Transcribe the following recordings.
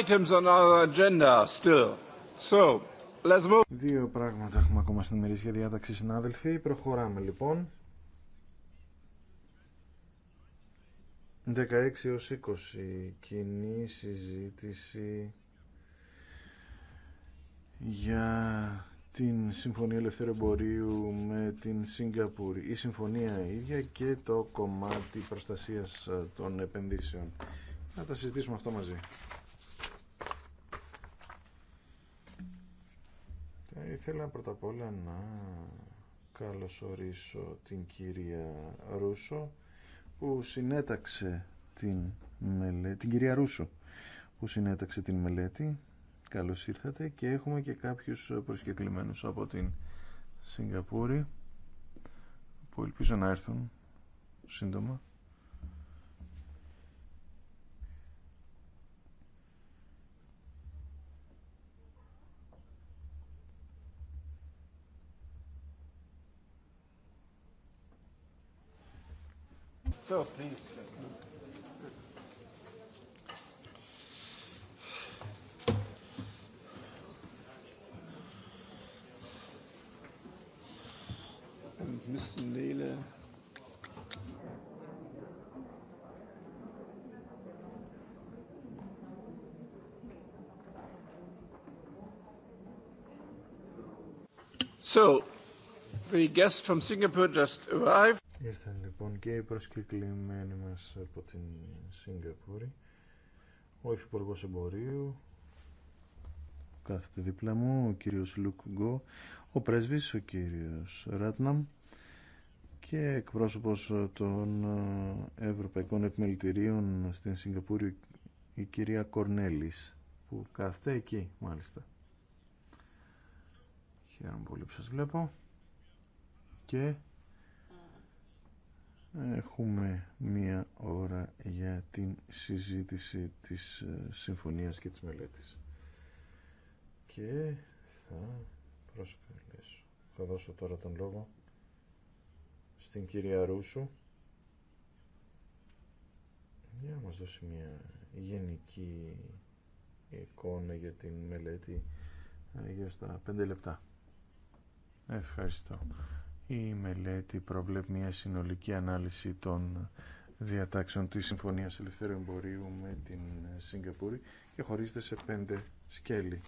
items on our agenda still. So, let's Δύο πράγματα έχουμε ακόμα στην ημερήσια διάταξη, συνάδελφοι. Προχωράμε λοιπόν. 16 ως 20 κοινή συζήτηση για την Συμφωνία Ελευθερου Εμπορίου με την Σιγκαπούρη. Η συμφωνία ίδια και το κομμάτι προστασίας των επενδύσεων. Να τα συζητήσουμε αυτό μαζί. ήθελα πρώτα απ' όλα να καλωσορίσω την κυρία Ρούσο που συνέταξε την μελέτη, την κυρία Ρούσο που συνέταξε την μελέτη. Καλώς ήρθατε και έχουμε και κάποιους προσκεκλημένους από την Σιγκαπούρη που ελπίζω να έρθουν σύντομα. So, please. Müssen Nele. So, the guest from Singapore just arrived και η προσκεκλημένη από την Σιγκαπούρη, ο Υφυπουργό Εμπορίου, κάθεται δίπλα μου, ο κύριος Λουκ Γκο, ο πρέσβης, ο κύριος Ράτναμ και εκπρόσωπος των ε, Ευρωπαϊκών Επιμελητηρίων στην Σιγκαπούρη, η κυρία Κορνέλης, που κάθεται εκεί μάλιστα. Χαίρομαι πολύ που σας βλέπω και Έχουμε μία ώρα για την συζήτηση της ε, συμφωνίας και της μελέτης. Και θα προσκαλέσω. Θα δώσω τώρα τον λόγο στην κυρία Ρούσου για να μας δώσει μια γενική εικόνα για την μελέτη ε, για στα πέντε λεπτά. Ευχαριστώ. Η μελέτη προβλέπει μια συνολική ανάλυση των διατάξεων της Συμφωνίας Ελευθέρου Εμπορίου με την Σιγκαπούρη και χωρίζεται σε πέντε σκέλη.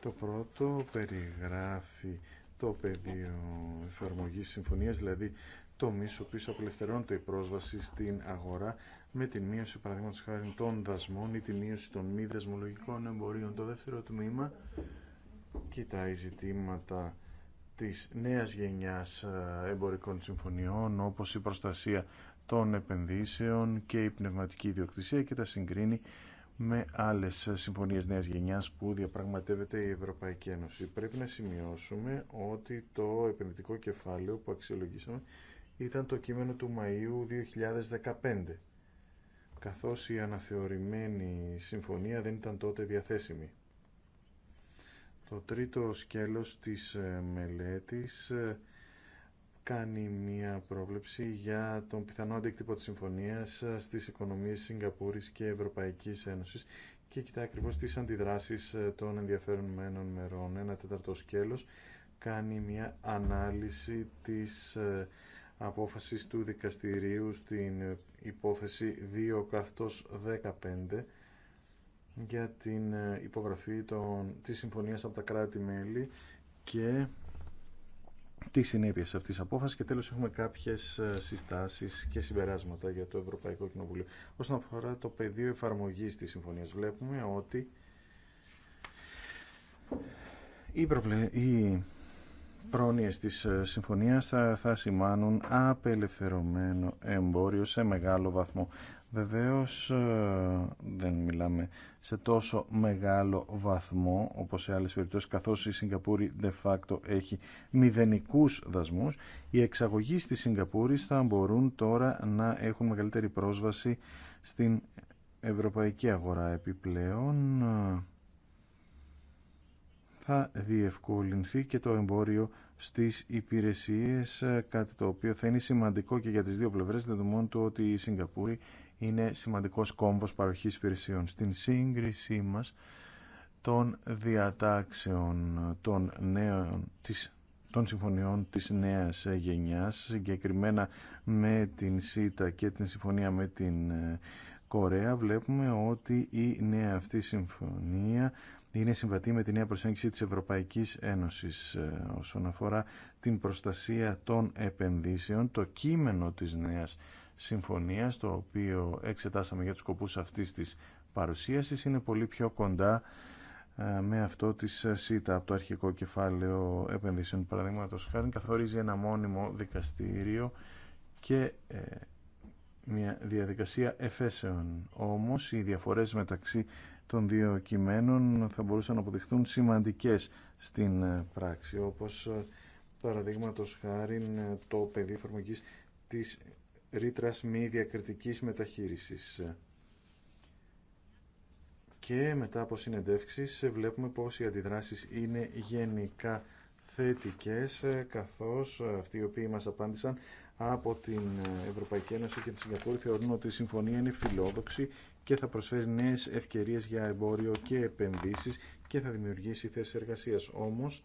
Το πρώτο περιγράφει το πεδίο εφαρμογής συμφωνίας, δηλαδή το μίσο πίσω απελευθερώνεται η πρόσβαση στην αγορά με τη μείωση παραδείγματος χάρη των δασμών ή τη μείωση των μη δασμολογικών εμπορίων. Το δεύτερο τμήμα κοιτάει ζητήματα της νέας γενιάς ε, εμπορικών συμφωνιών όπως η προστασία των επενδύσεων και η πνευματική ιδιοκτησία και τα συγκρίνει με άλλες συμφωνίες νέας γενιάς που διαπραγματεύεται η Ευρωπαϊκή Ένωση. Πρέπει να σημειώσουμε ότι το επενδυτικό κεφάλαιο που αξιολογήσαμε ήταν το κείμενο του Μαΐου 2015 καθώς η αναθεωρημένη συμφωνία δεν ήταν τότε διαθέσιμη. Το τρίτο σκέλος της ε, μελέτης ε, κάνει μία πρόβλεψη για τον πιθανό αντίκτυπο της συμφωνίας ε, στις οικονομίες Σιγκαπούρης και Ευρωπαϊκής Ένωσης και κοιτά ακριβώς τις αντιδράσεις των ενδιαφέρουμενων μερών. Ένα τέταρτο σκέλος κάνει μία ανάλυση της απόφασης του δικαστηρίου στην υπόθεση 2 15 για την ε, υπογραφή των, της συμφωνίας από τα κράτη-μέλη και τις συνέπειες αυτής της απόφασης και τέλος έχουμε κάποιες ε, συστάσεις και συμπεράσματα για το Ευρωπαϊκό Κοινοβούλιο. Όσον αφορά το πεδίο εφαρμογής της συμφωνίας βλέπουμε ότι οι, προβλε... οι πρόνοιες της ε, συμφωνίας θα, θα σημάνουν απελευθερωμένο εμπόριο σε μεγάλο βαθμό. Βεβαίως ε, δεν μιλάμε σε τόσο μεγάλο βαθμό όπως σε άλλες περιπτώσεις καθώς η Σιγκαπούρη de facto έχει μηδενικούς δασμούς οι εξαγωγοί στη Σιγκαπούρη θα μπορούν τώρα να έχουν μεγαλύτερη πρόσβαση στην ευρωπαϊκή αγορά επιπλέον ε, θα διευκολυνθεί και το εμπόριο στις υπηρεσίες, ε, κάτι το οποίο θα είναι σημαντικό και για τις δύο πλευρές, δεδομένου του ότι η Σιγκαπούρη είναι σημαντικός κόμβος παροχής υπηρεσιών. Στην σύγκρισή μας των διατάξεων των, νέων, της, των συμφωνιών της νέας γενιάς, συγκεκριμένα με την ΣΥΤΑ και την συμφωνία με την ε, Κορέα, βλέπουμε ότι η νέα αυτή συμφωνία είναι συμβατή με τη νέα προσέγγιση της Ευρωπαϊκής Ένωσης ε, όσον αφορά την προστασία των επενδύσεων. Το κείμενο της νέας το οποίο εξετάσαμε για τους σκοπούς αυτής της παρουσίασης, είναι πολύ πιο κοντά ε, με αυτό της ε, ΣΥΤΑ από το αρχικό κεφάλαιο επενδύσεων. Παραδείγματο χάρη καθορίζει ένα μόνιμο δικαστήριο και ε, μια διαδικασία εφέσεων. Όμως οι διαφορές μεταξύ των δύο κειμένων θα μπορούσαν να αποδειχθούν σημαντικές στην πράξη, όπως παραδείγματο χάρη το πεδίο εφαρμογή της ρήτρα μη διακριτικής μεταχείρισης. Και μετά από συνεντεύξεις βλέπουμε πως οι αντιδράσεις είναι γενικά θετικές, καθώς αυτοί οι οποίοι μας απάντησαν από την Ευρωπαϊκή Ένωση και τη Σιγκαπούρη θεωρούν ότι η συμφωνία είναι φιλόδοξη και θα προσφέρει νέες ευκαιρίες για εμπόριο και επενδύσεις και θα δημιουργήσει θέσει εργασία. Όμως,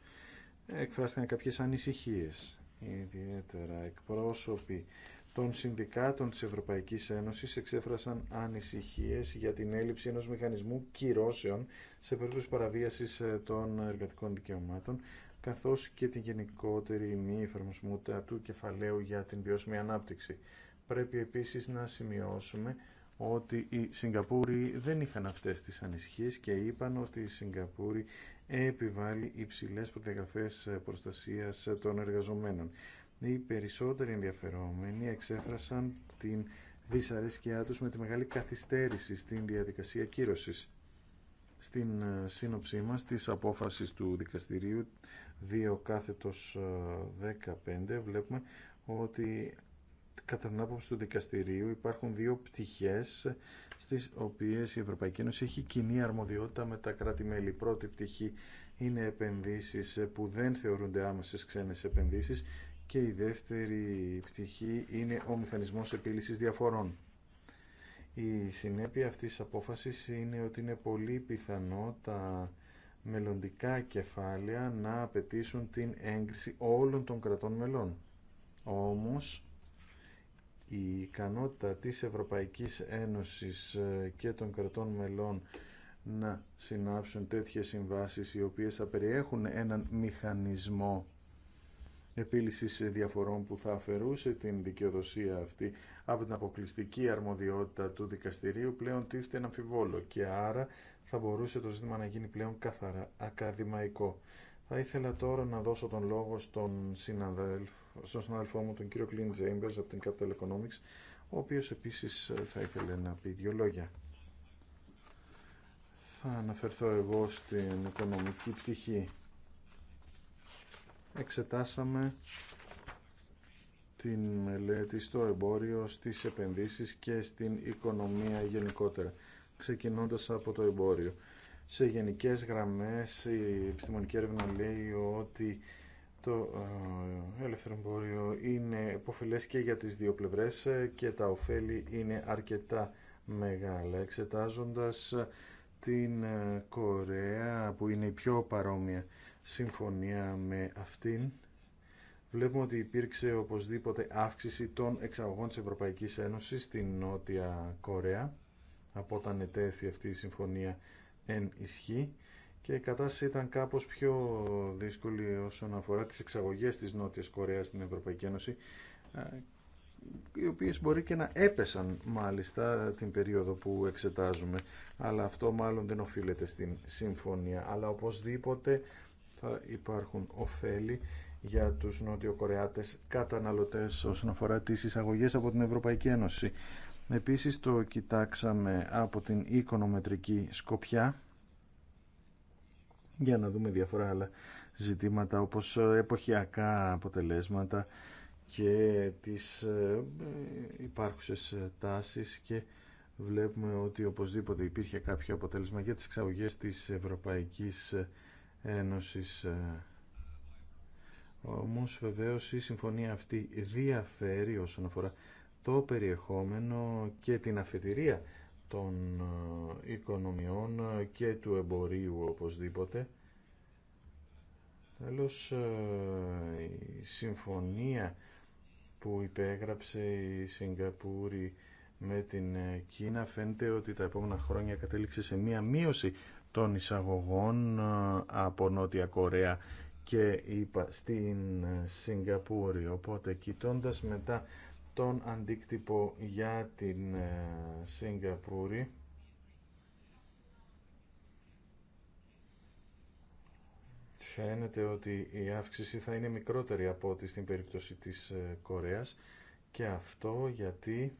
εκφράστηκαν κάποιες ανησυχίες. Ιδιαίτερα εκπρόσωποι των Συνδικάτων της Ευρωπαϊκής Ένωσης εξέφρασαν ανησυχίες για την έλλειψη ενός μηχανισμού κυρώσεων σε περίπτωση παραβίασης ε, των εργατικών δικαιωμάτων, καθώς και την γενικότερη μη εφαρμοσμούτα του κεφαλαίου για την βιώσιμη ανάπτυξη. Πρέπει επίσης να σημειώσουμε ότι οι Σιγκαπούροι δεν είχαν αυτές τις ανησυχίες και είπαν ότι η Σιγκαπούροι επιβάλλει υψηλές προδιαγραφές ε, προστασίας ε, των εργαζομένων οι περισσότεροι ενδιαφερόμενοι εξέφρασαν την δυσαρέσκειά τους με τη μεγάλη καθυστέρηση στην διαδικασία κύρωσης. Στην ε, σύνοψή μας της απόφασης του δικαστηρίου 2 κάθετος 15 ε, βλέπουμε ότι κατά την άποψη του δικαστηρίου υπάρχουν δύο πτυχές στις οποίες η Ευρωπαϊκή Ένωση έχει κοινή αρμοδιότητα με τα κράτη-μέλη. Η πρώτη πτυχή είναι επενδύσεις που δεν θεωρούνται άμεσες ξένες επενδύσεις και η δεύτερη πτυχή είναι ο μηχανισμός επίλυσης διαφορών. Η συνέπεια αυτής της απόφασης είναι ότι είναι πολύ πιθανό τα μελλοντικά κεφάλαια να απαιτήσουν την έγκριση όλων των κρατών μελών. Όμως, η ικανότητα της Ευρωπαϊκής Ένωσης ε, και των κρατών μελών να συνάψουν τέτοιες συμβάσεις οι οποίες θα περιέχουν έναν μηχανισμό επίλυσης διαφορών που θα αφαιρούσε την δικαιοδοσία αυτή από την αποκλειστική αρμοδιότητα του δικαστηρίου πλέον τίθεται ένα αμφιβόλο και άρα θα μπορούσε το ζήτημα να γίνει πλέον καθαρά ακαδημαϊκό. Θα ήθελα τώρα να δώσω τον λόγο στον συναδελφό μου, τον κύριο Κλίν Τζέιμπερς από την Capital Economics, ο οποίος επίσης θα ήθελε να πει δύο λόγια. Θα αναφερθώ εγώ στην οικονομική πτυχή εξετάσαμε την μελέτη στο εμπόριο, στις επενδύσεις και στην οικονομία γενικότερα, ξεκινώντας από το εμπόριο. Σε γενικές γραμμές η επιστημονική έρευνα λέει ότι το ε, ελεύθερο εμπόριο είναι υποφελές και για τις δύο πλευρές ε, και τα ωφέλη είναι αρκετά μεγάλα. Εξετάζοντας την ε, Κορέα που είναι η πιο παρόμοια συμφωνία με αυτήν, βλέπουμε ότι υπήρξε οπωσδήποτε αύξηση των εξαγωγών της Ευρωπαϊκής Ένωσης στην Νότια Κορέα από όταν ετέθη αυτή η συμφωνία εν ισχύ και η κατάσταση ήταν κάπως πιο δύσκολη όσον αφορά τις εξαγωγές της Νότιας Κορέας στην Ευρωπαϊκή Ένωση οι οποίες μπορεί και να έπεσαν μάλιστα την περίοδο που εξετάζουμε αλλά αυτό μάλλον δεν οφείλεται στην συμφωνία αλλά οπωσδήποτε θα υπάρχουν ωφέλη για τους νότιοκορεάτες καταναλωτές όσον αφορά τις εισαγωγές από την Ευρωπαϊκή Ένωση. Επίσης το κοιτάξαμε από την οικονομετρική σκοπιά για να δούμε διαφορά άλλα ζητήματα όπως εποχιακά αποτελέσματα και τις ε, υπάρχουσες τάσεις και βλέπουμε ότι οπωσδήποτε υπήρχε κάποιο αποτέλεσμα για τις εξαγωγές της Ευρωπαϊκής Ένωσης Ένωσης. Ε. Όμως βεβαίως η συμφωνία αυτή διαφέρει όσον αφορά το περιεχόμενο και την αφετηρία των ε, οικονομιών και του εμπορίου οπωσδήποτε. Τέλος, ε, η συμφωνία που υπέγραψε η Σιγκαπούρη με την Κίνα φαίνεται ότι τα επόμενα χρόνια κατέληξε σε μία μείωση των εισαγωγών ε, από Νότια Κορέα και είπα στην Σιγκαπούρη. Οπότε κοιτώντας μετά τον αντίκτυπο για την ε, Σιγκαπούρη φαίνεται ότι η αύξηση θα είναι μικρότερη από ό,τι στην περίπτωση της ε, Κορέας και αυτό γιατί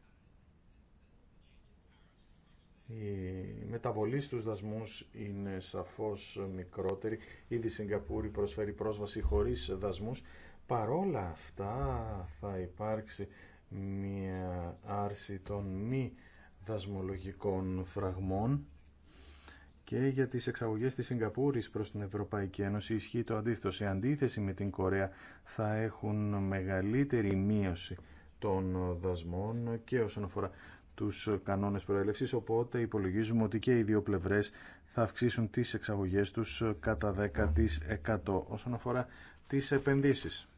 η μεταβολή στους δασμούς είναι σαφώς μικρότερη. Ήδη η Σιγκαπούρη προσφέρει πρόσβαση χωρίς δασμούς. Παρόλα αυτά θα υπάρξει μια άρση των μη δασμολογικών φραγμών και για τις εξαγωγές της Σιγκαπούρης προς την Ευρωπαϊκή Ένωση ισχύει το αντίθετο. Σε αντίθεση με την Κορέα θα έχουν μεγαλύτερη μείωση των δασμών και όσον αφορά τους κανόνες προέλευσης, οπότε υπολογίζουμε ότι και οι δύο πλευρές θα αυξήσουν τις εξαγωγές τους κατά 10% όσον αφορά τις επενδύσεις.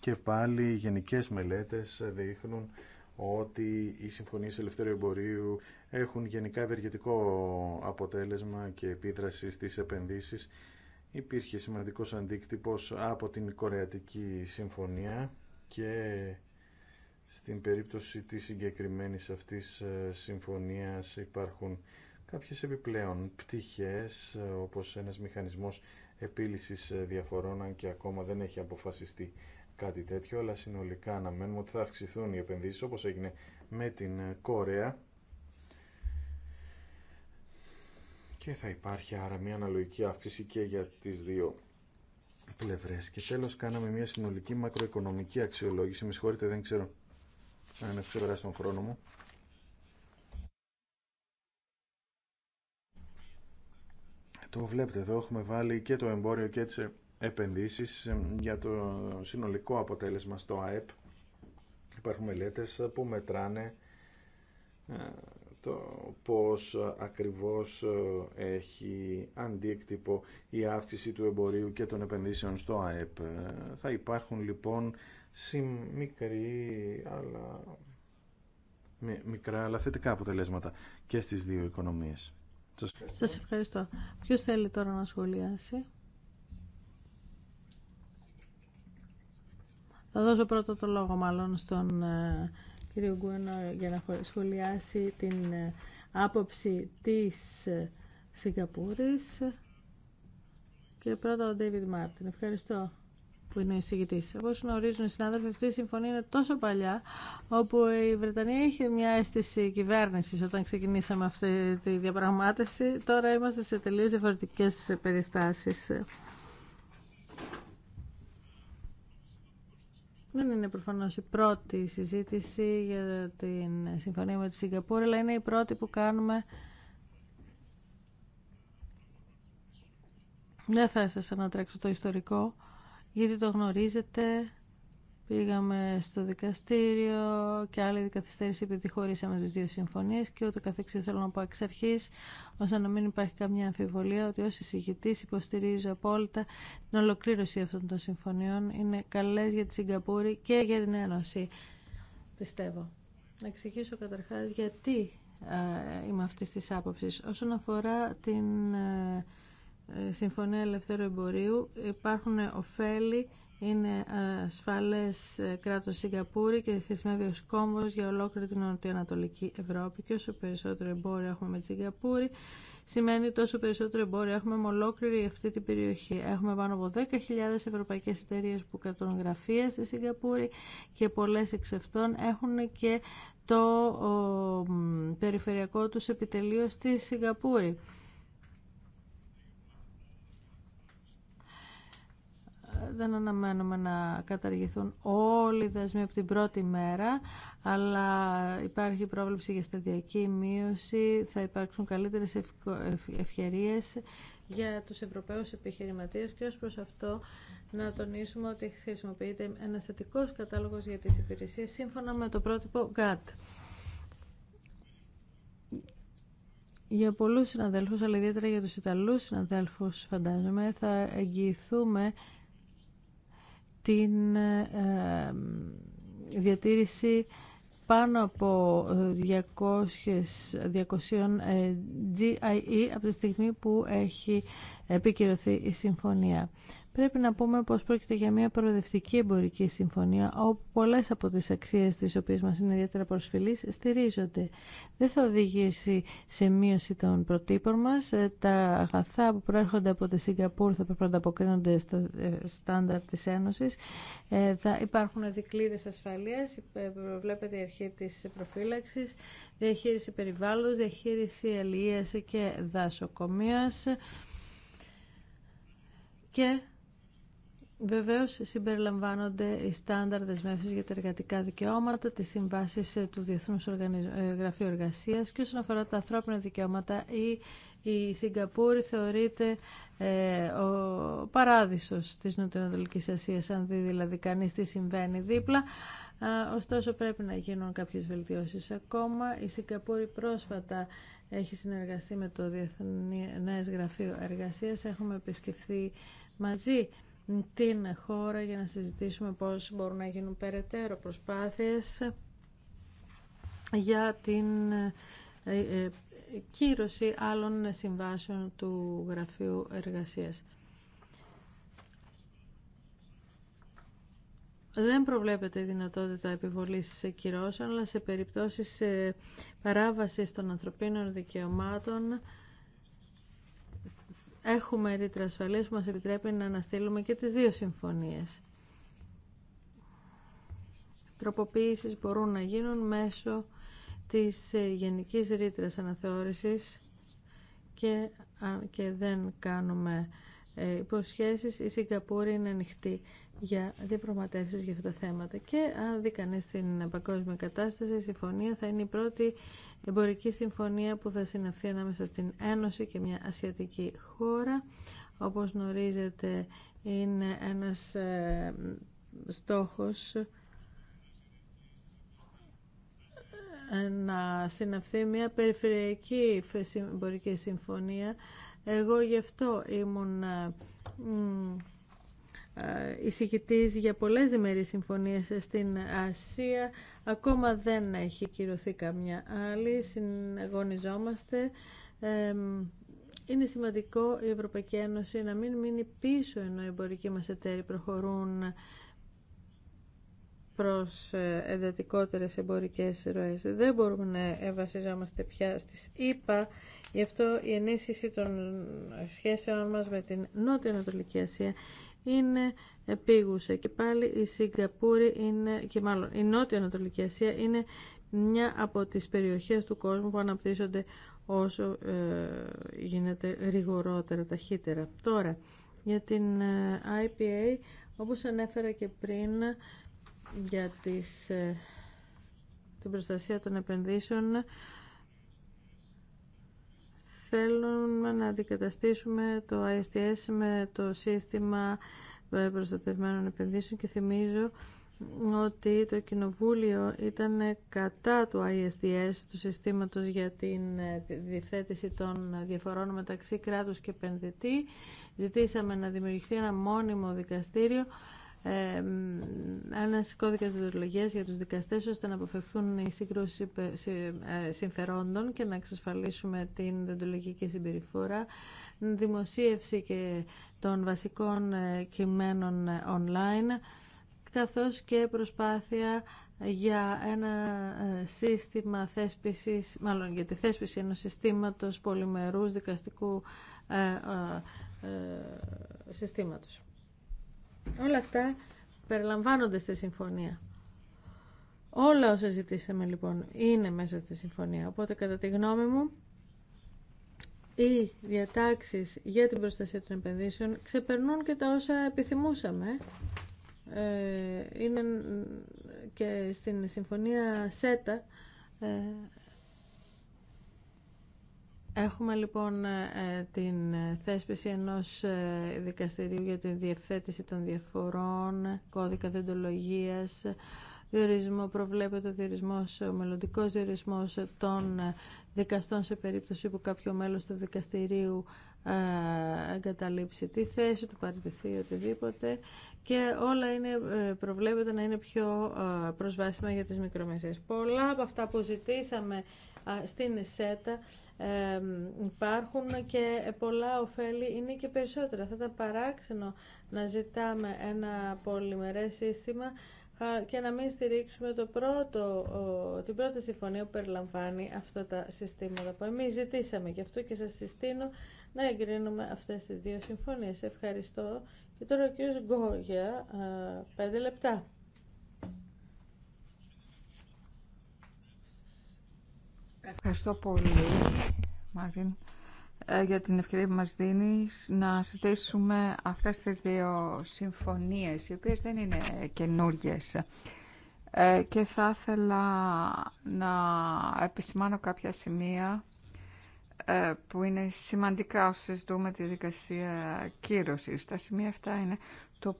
Και πάλι οι γενικές μελέτες δείχνουν ότι οι συμφωνίες ελευθερίου εμπορίου έχουν γενικά ευεργετικό αποτέλεσμα και επίδραση στις επενδύσεις. Υπήρχε σημαντικός αντίκτυπος από την Κορεατική Συμφωνία και στην περίπτωση της συγκεκριμένης αυτής ε, συμφωνίας υπάρχουν κάποιες επιπλέον πτυχές ε, όπως ένας μηχανισμός επίλυσης ε, διαφορών αν και ακόμα δεν έχει αποφασιστεί κάτι τέτοιο αλλά συνολικά αναμένουμε ότι θα αυξηθούν οι επενδύσεις όπως έγινε με την Κόρεα και θα υπάρχει άρα μια αναλογική αύξηση και για τις δύο πλευρές και τέλος κάναμε μια συνολική μακροοικονομική αξιολόγηση με συγχωρείτε δεν ξέρω αν έχω ξεπεράσει τον χρόνο μου. Το βλέπετε εδώ, έχουμε βάλει και το εμπόριο και τις επενδύσεις για το συνολικό αποτέλεσμα στο ΑΕΠ. Υπάρχουν μελέτες που μετράνε ε, το πώς ακριβώς ε, έχει αντίκτυπο η αύξηση του εμπορίου και των επενδύσεων στο ΑΕΠ. Ε, θα υπάρχουν λοιπόν μικρή, αλλά... μικρά αλλά θετικά αποτελέσματα και στις δύο οικονομίες. Σας ευχαριστώ. Ποιος θέλει τώρα να σχολιάσει. Θα δώσω πρώτα το λόγο μάλλον στον ε, κύριο Γκουένο για να σχολιάσει την ε, άποψη της ε, Σιγκαπούρης και πρώτα ο Ντέιβιντ Μάρτιν. Ευχαριστώ που είναι ο εισηγητή. Όπω γνωρίζουν οι συνάδελφοι, αυτή η συμφωνία είναι τόσο παλιά, όπου η Βρετανία είχε μια αίσθηση κυβέρνηση όταν ξεκινήσαμε αυτή τη διαπραγμάτευση. Τώρα είμαστε σε τελείω διαφορετικέ περιστάσει. Δεν είναι προφανώ η πρώτη συζήτηση για την συμφωνία με τη Σιγκαπούρη, αλλά είναι η πρώτη που κάνουμε. Δεν θα να ανατρέξω το ιστορικό γιατί το γνωρίζετε πήγαμε στο δικαστήριο και άλλη δικαθυστέρηση επειδή χωρίσαμε τις δύο συμφωνίες και ούτε καθεξής θέλω να πω εξ αρχής ώστε να μην υπάρχει καμιά αμφιβολία ότι ως εισηγητής υποστηρίζω απόλυτα την ολοκλήρωση αυτών των συμφωνιών είναι καλές για τη Σιγκαπούρη και για την Ένωση πιστεύω να εξηγήσω καταρχάς γιατί ε, είμαι αυτή της άποψης όσον αφορά την ε, Συμφωνία Ελευθέρου Εμπορίου υπάρχουν ωφέλη, είναι ασφαλές κράτος Σιγκαπούρη και χρησιμεύει ως κόμβος για ολόκληρη την νοτιοανατολική Ευρώπη και όσο περισσότερο εμπόριο έχουμε με τη Σιγκαπούρη σημαίνει τόσο περισσότερο εμπόριο έχουμε με ολόκληρη αυτή την περιοχή. Έχουμε πάνω από 10.000 ευρωπαϊκές εταιρείε που κρατούν γραφεία στη Σιγκαπούρη και πολλές εξ αυτών έχουν και το περιφερειακό τους επιτελείο στη Σιγκαπούρη. δεν αναμένουμε να καταργηθούν όλοι οι δεσμοί από την πρώτη μέρα, αλλά υπάρχει πρόβλεψη για σταδιακή μείωση, θα υπάρξουν καλύτερες ευκαιρίες για τους Ευρωπαίους επιχειρηματίες και ως προς αυτό να τονίσουμε ότι χρησιμοποιείται ένα θετικό κατάλογος για τις υπηρεσίες σύμφωνα με το πρότυπο GATT. Για πολλούς συναδέλφους, αλλά ιδιαίτερα για τους Ιταλούς συναδέλφους, φαντάζομαι, θα εγγυηθούμε την ε, ε, διατήρηση πάνω από 200, 200 GIE από τη στιγμή που έχει επικυρωθεί η συμφωνία. Πρέπει να πούμε πως πρόκειται για μια προοδευτική εμπορική συμφωνία όπου πολλές από τις αξίες τις οποίες μας είναι ιδιαίτερα προσφυλείς στηρίζονται. Δεν θα οδηγήσει σε μείωση των προτύπων μας. Ε, τα αγαθά που προέρχονται από τη Σιγκαπούρ θα πρέπει να ανταποκρίνονται στα ε, στάνταρ της Ένωσης. Ε, θα υπάρχουν δικλείδες ασφαλείας, Βλέπετε η αρχή της προφύλαξης, διαχείριση περιβάλλοντος, διαχείριση αλληλείας και δασοκομεία. και Βεβαίως συμπεριλαμβάνονται οι στάνταρ δεσμεύσεις για τα εργατικά δικαιώματα, τις συμβάσεις ε, του Διεθνούς ε, Γραφείου Εργασίας και όσον αφορά τα ανθρώπινα δικαιώματα η, η Σιγκαπούρη θεωρείται ε, ο παράδεισος της Νοτιοανατολικής Ασίας αν δει δηλαδή κανείς τι συμβαίνει δίπλα. Ωστόσο πρέπει να γίνουν κάποιες βελτιώσεις ακόμα. Η Σιγκαπούρη πρόσφατα έχει συνεργαστεί με το Διεθνές Γραφείο εργασία. Έχουμε επισκεφθεί μαζί την χώρα για να συζητήσουμε πώς μπορούν να γίνουν περαιτέρω προσπάθειες για την ε, ε, κύρωση άλλων συμβάσεων του Γραφείου Εργασίας. Δεν προβλέπεται η δυνατότητα επιβολής κυρώσεων, αλλά σε περιπτώσεις παράβασης των ανθρωπίνων δικαιωμάτων έχουμε ρήτρα ασφαλείας που μας επιτρέπει να αναστείλουμε και τις δύο συμφωνίες. Τροποποίησεις μπορούν να γίνουν μέσω της ε, γενικής ρήτρα αναθεώρησης και, και δεν κάνουμε ε, υποσχέσεις η Σιγκαπούρη είναι ανοιχτή για διαπραγματεύσεις για αυτά τα θέματα. Και αν δει κανεί την παγκόσμια κατάσταση, η συμφωνία θα είναι η πρώτη εμπορική συμφωνία που θα συναυθεί ανάμεσα στην Ένωση και μια ασιατική χώρα. Όπως γνωρίζετε, είναι ένας ε, στόχος ε, να συναυθεί μια περιφερειακή εμπορική συμφωνία εγώ γι' αυτό ήμουν ε, ε, εισηγητής για πολλές διμερείς συμφωνίες στην Ασία. Ακόμα δεν έχει κυρωθεί καμιά άλλη. Συναγωνιζόμαστε. Είναι σημαντικό η Ευρωπαϊκή Ένωση να μην μείνει πίσω ενώ οι εμπορικοί μας εταίροι προχωρούν προς ε, εντατικότερες εμπορικές ροές. Δεν μπορούμε να βασιζόμαστε πια στις ΗΠΑ, γι' αυτό η ενίσχυση των σχέσεων μας με την Νότια Ανατολική Ασία είναι επίγουσα και πάλι η Σιγκαπούρη είναι, και μάλλον η Νότια Ανατολική Ασία είναι μια από τις περιοχές του κόσμου που αναπτύσσονται όσο ε, γίνεται ρηγορότερα, ταχύτερα. Τώρα, για την ε, IPA, όπως ανέφερα και πριν, για τις, ε, την προστασία των επενδύσεων θέλουμε να αντικαταστήσουμε το ISTS με το σύστημα ε, προστατευμένων επενδύσεων και θυμίζω ότι το Κοινοβούλιο ήταν κατά του ISDS, του συστήματος για ε, τη διευθέτηση των διαφορών μεταξύ κράτους και επενδυτή. Ζητήσαμε να δημιουργηθεί ένα μόνιμο δικαστήριο ένα κώδικα διδολογίας για τους δικαστές ώστε να αποφευθούν οι συγκρούσει συμφερόντων και να εξασφαλίσουμε την και συμπεριφορά, δημοσίευση και των βασικών ε, κειμένων ε, online, καθώς και προσπάθεια για ένα ε, σύστημα θέσπισης, μάλλον για τη θέσπιση ενός συστήματος πολυμερούς δικαστικού συστήματος. Όλα αυτά περιλαμβάνονται στη συμφωνία. Όλα όσα ζητήσαμε λοιπόν είναι μέσα στη συμφωνία. Οπότε κατά τη γνώμη μου οι διατάξεις για την προστασία των επενδύσεων ξεπερνούν και τα όσα επιθυμούσαμε. Ε, είναι και στην συμφωνία ΣΕΤΑ ε, Έχουμε λοιπόν ε, ε, την θέσπιση ενός ε, δικαστηρίου για τη διευθέτηση των διαφορών, κώδικα δεντολογίας, διορισμό, προβλέπεται ο διορισμός, ο μελλοντικός διορισμός των δικαστών σε περίπτωση που κάποιο μέλος του δικαστηρίου εγκαταλείψει τη θέση του, παραιτηθεί οτιδήποτε και όλα είναι, προβλέπεται να είναι πιο προσβάσιμα για τις μικρομεσαίες. Πολλά από αυτά που ζητήσαμε στην ΣΕΤΑ υπάρχουν και πολλά ωφέλη, είναι και περισσότερα. Θα ήταν παράξενο να ζητάμε ένα πολυμερές σύστημα και να μην στηρίξουμε το πρώτο, την πρώτη συμφωνία που περιλαμβάνει αυτά τα συστήματα που εμείς ζητήσαμε. Γι' αυτό και σας συστήνω να εγκρίνουμε αυτές τις δύο συμφωνίες. Ευχαριστώ. Και τώρα ο κ. Γκόγια, πέντε λεπτά. Ευχαριστώ πολύ, Μάρτιν, ε, για την ευκαιρία που μας δίνεις να συζητήσουμε αυτές τις δύο συμφωνίες, οι οποίες δεν είναι καινούριε. Ε, και θα ήθελα να επισημάνω κάποια σημεία ε, που είναι σημαντικά όσο συζητούμε τη δικασία κύρωσης. Τα σημεία αυτά είναι το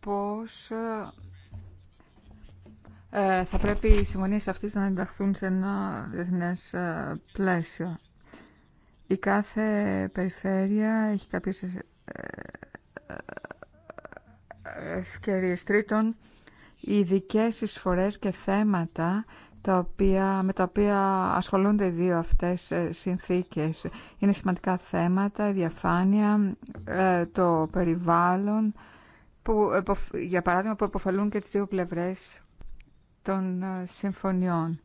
πώς ε, θα πρέπει οι συμφωνίες αυτές να ενταχθούν σε ένα διεθνές ε, πλαίσιο. Η κάθε περιφέρεια έχει κάποιες ε, ευκαιρίες τρίτων, ειδικέ εισφορές και θέματα τα οποία, με τα οποία ασχολούνται οι δύο αυτές συνθήκες. Είναι σημαντικά θέματα, η διαφάνεια, το περιβάλλον, που, για παράδειγμα που υποφελούν και τις δύο πλευρές των ε, συμφωνιών.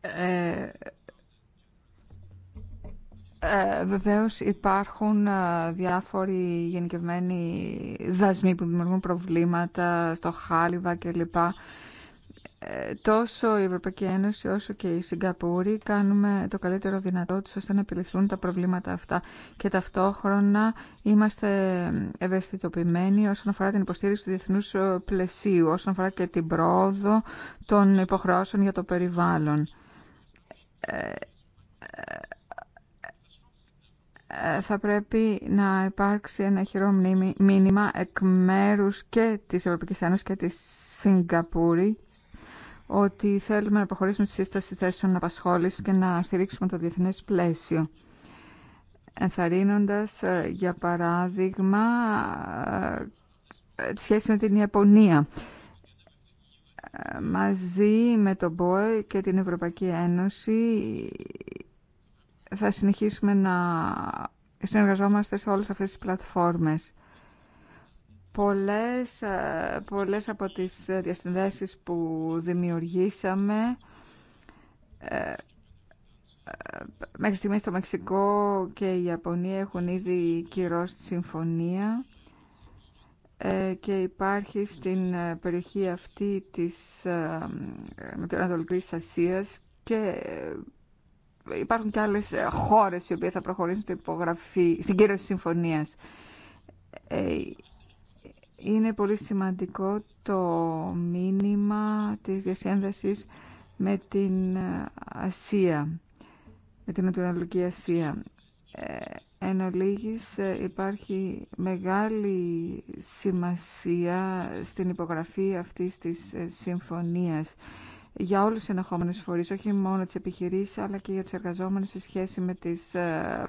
Ε, ε, βεβαίως υπάρχουν ε, διάφοροι γενικευμένοι δασμοί που δημιουργούν προβλήματα στο χάλιβα κλπ τόσο η Ευρωπαϊκή Ένωση όσο και η Σιγκαπούρη κάνουμε το καλύτερο δυνατό τους ώστε να επιληθούν τα προβλήματα αυτά και ταυτόχρονα είμαστε ευαισθητοποιημένοι όσον αφορά την υποστήριξη του διεθνούς ε, πλαισίου, όσον αφορά και την πρόοδο των υποχρεώσεων για το περιβάλλον. Ε, ε, θα πρέπει να υπάρξει ένα χειρό μήνυμα εκ μέρους και της Ευρωπαϊκής Ένωσης και της Σιγκαπούρη ότι θέλουμε να προχωρήσουμε στη σύσταση θέσεων απασχόληση και να στηρίξουμε το διεθνές πλαίσιο ενθαρρύνοντας ε, για παράδειγμα τη ε, ε, σχέση με την Ιαπωνία μαζί με τον ΠΟΕ και την Ευρωπαϊκή Ένωση θα συνεχίσουμε να συνεργαζόμαστε σε όλες αυτές τις πλατφόρμες Πολλές, ε, πολλές από τις διασυνδέσεις που δημιουργήσαμε ε, ε, μέχρι στιγμή στο Μεξικό και η Ιαπωνία έχουν ήδη κυρώσει τη συμφωνία και υπάρχει στην περιοχή αυτή της Ανατολικής Ασίας και υπάρχουν και άλλες χώρες οι οποίες θα προχωρήσουν στην υπογραφή, στην κύρωση συμφωνίας είναι πολύ σημαντικό το μήνυμα της διασύνδεσης με την Ασία, με την Ανατολική Ασία. Ε, εν ολίγης ε, υπάρχει μεγάλη σημασία στην υπογραφή αυτής της ε, συμφωνίας για όλους τους ενεχόμενους φορείς, όχι μόνο τις επιχειρήσεις, αλλά και για τους εργαζόμενους σε σχέση με τις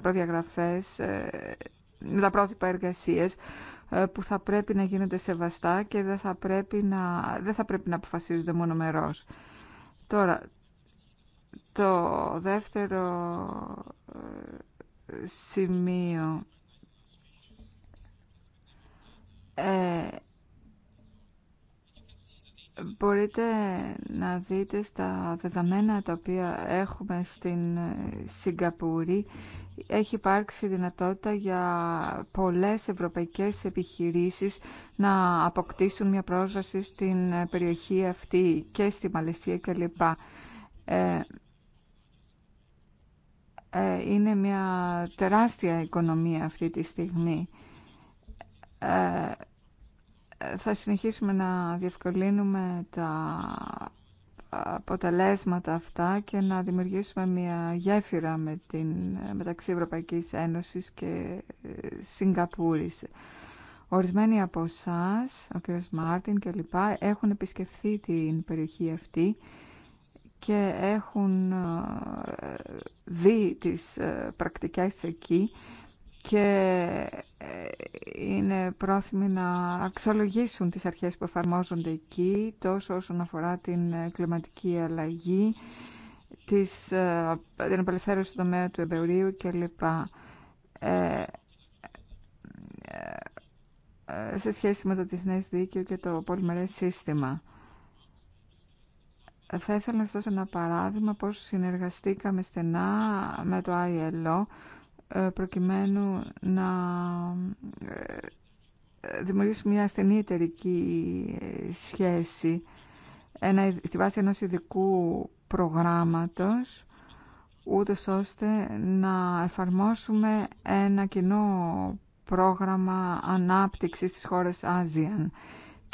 προδιαγραφές, με τα πρότυπα εργασίες, ε, που θα πρέπει να γίνονται σεβαστά και δεν θα πρέπει να, δεν θα πρέπει να αποφασίζονται μερός. Τώρα, το δεύτερο ε, σημείο ε, μπορείτε να δείτε στα δεδομένα τα οποία έχουμε στην Σιγκαπούρη έχει υπάρξει δυνατότητα για πολλές ευρωπαϊκές επιχειρήσεις να αποκτήσουν μια πρόσβαση στην ε, περιοχή αυτή και στη Μαλαισία κλπ. Ε, ε, είναι μια τεράστια οικονομία αυτή τη στιγμή. θα συνεχίσουμε να διευκολύνουμε τα αποτελέσματα αυτά και να δημιουργήσουμε μια γέφυρα με την, μεταξύ Ευρωπαϊκής Ένωσης και ε, Σιγκαπούρης. Ορισμένοι από εσά, ο κ. Μάρτιν και λοιπά, έχουν επισκεφθεί την περιοχή αυτή και έχουν ε, δει τις ε, πρακτικές εκεί και ε, είναι πρόθυμοι να αξιολογήσουν τις αρχές που εφαρμόζονται εκεί, τόσο όσον αφορά την ε, κλιματική αλλαγή, της, ε, την απελευθέρωση του τομέα του εμπεριού κλπ. Ε, σε σχέση με το διεθνές δίκαιο και το πολυμερές σύστημα. Θα ήθελα να σας δώσω ένα παράδειγμα πώς συνεργαστήκαμε στενά με το ILO ε, προκειμένου να ε, δημιουργήσουμε μια ασθενή ε, σχέση ένα, στη βάση ενός ειδικού προγράμματος ούτως ώστε να εφαρμόσουμε ένα κοινό πρόγραμμα ανάπτυξης στις χώρες Άζιαν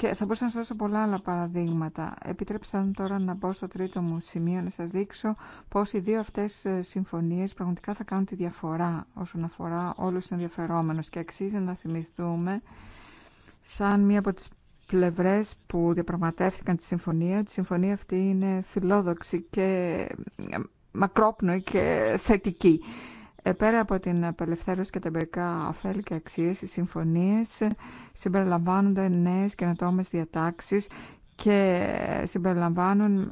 και θα μπορούσα να σα δώσω πολλά άλλα παραδείγματα. Επιτρέψτε μου τώρα να μπω στο τρίτο μου σημείο να σας δείξω πώς οι δύο αυτές ε, συμφωνίε πραγματικά θα κάνουν τη διαφορά όσον αφορά όλου τους ενδιαφερόμενους και αξίζει να θυμηθούμε σαν μία από τις πλευρές που διαπραγματεύτηκαν τη συμφωνία. Τη συμφωνία αυτή είναι φιλόδοξη και ε, μακρόπνοη και θετική. Ε, πέρα από την απελευθέρωση και τα εμπερικά ωφέλη και αξίες, οι συμφωνίες συμπεριλαμβάνονται νέες καινοτόμες διατάξεις και συμπεριλαμβάνουν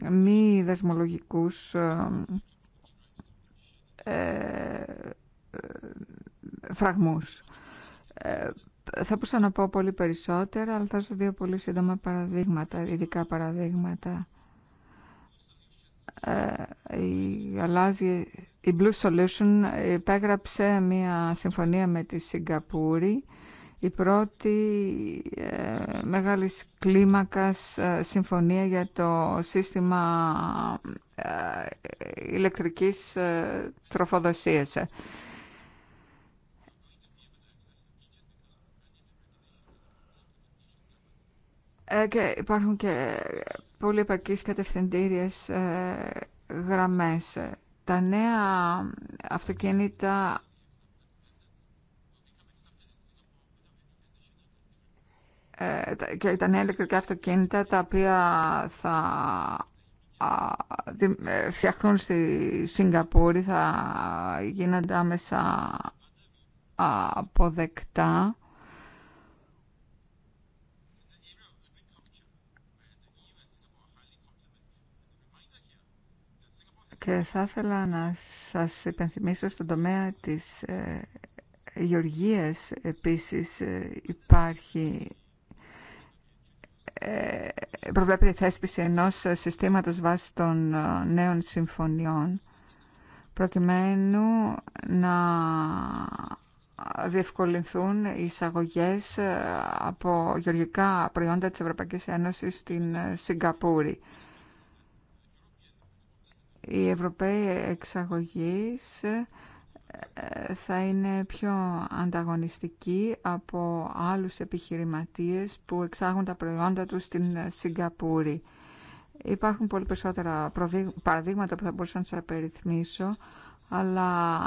ε, μη δεσμολογικούς ε, φραγμούς. Θα μπορούσα να πω πολύ περισσότερα, αλλά θα σου δύο πολύ σύντομα παραδείγματα, ειδικά παραδείγματα. Η αλλάζει η Blue Solution υπέγραψε μια συμφωνία με τη Σιγκαπούρη, η πρώτη μεγάλη μεγάλης κλίμακας ε, συμφωνία για το σύστημα ε, ηλεκτρικής ε, τροφοδοσίας. Και υπάρχουν και πολύ επαρκείς κατευθυντήριες γραμμές τα νέα αυτοκίνητα ε, και τα νέα ηλεκτρικά αυτοκίνητα τα οποία θα ε, φτιαχτούν στη Σιγκαπούρη θα γίνονται άμεσα αποδεκτά Και θα ήθελα να σας υπενθυμίσω στον τομέα της ε, γεωργίας επίσης ε, υπάρχει ε, προβλέπεται η θέσπιση ενός συστήματος βάσει των ε, νέων συμφωνιών προκειμένου να διευκολυνθούν οι εισαγωγές ε, από γεωργικά προϊόντα της Ευρωπαϊκής Ένωσης στην Σιγκαπούρη. Η Ευρωπαίοι εξαγωγής ε, θα είναι πιο ανταγωνιστικοί από άλλους επιχειρηματίες που εξάγουν τα προϊόντα τους στην Σιγκαπούρη. Υπάρχουν πολύ περισσότερα παραδείγματα που θα μπορούσα να σας απεριθμίσω, αλλά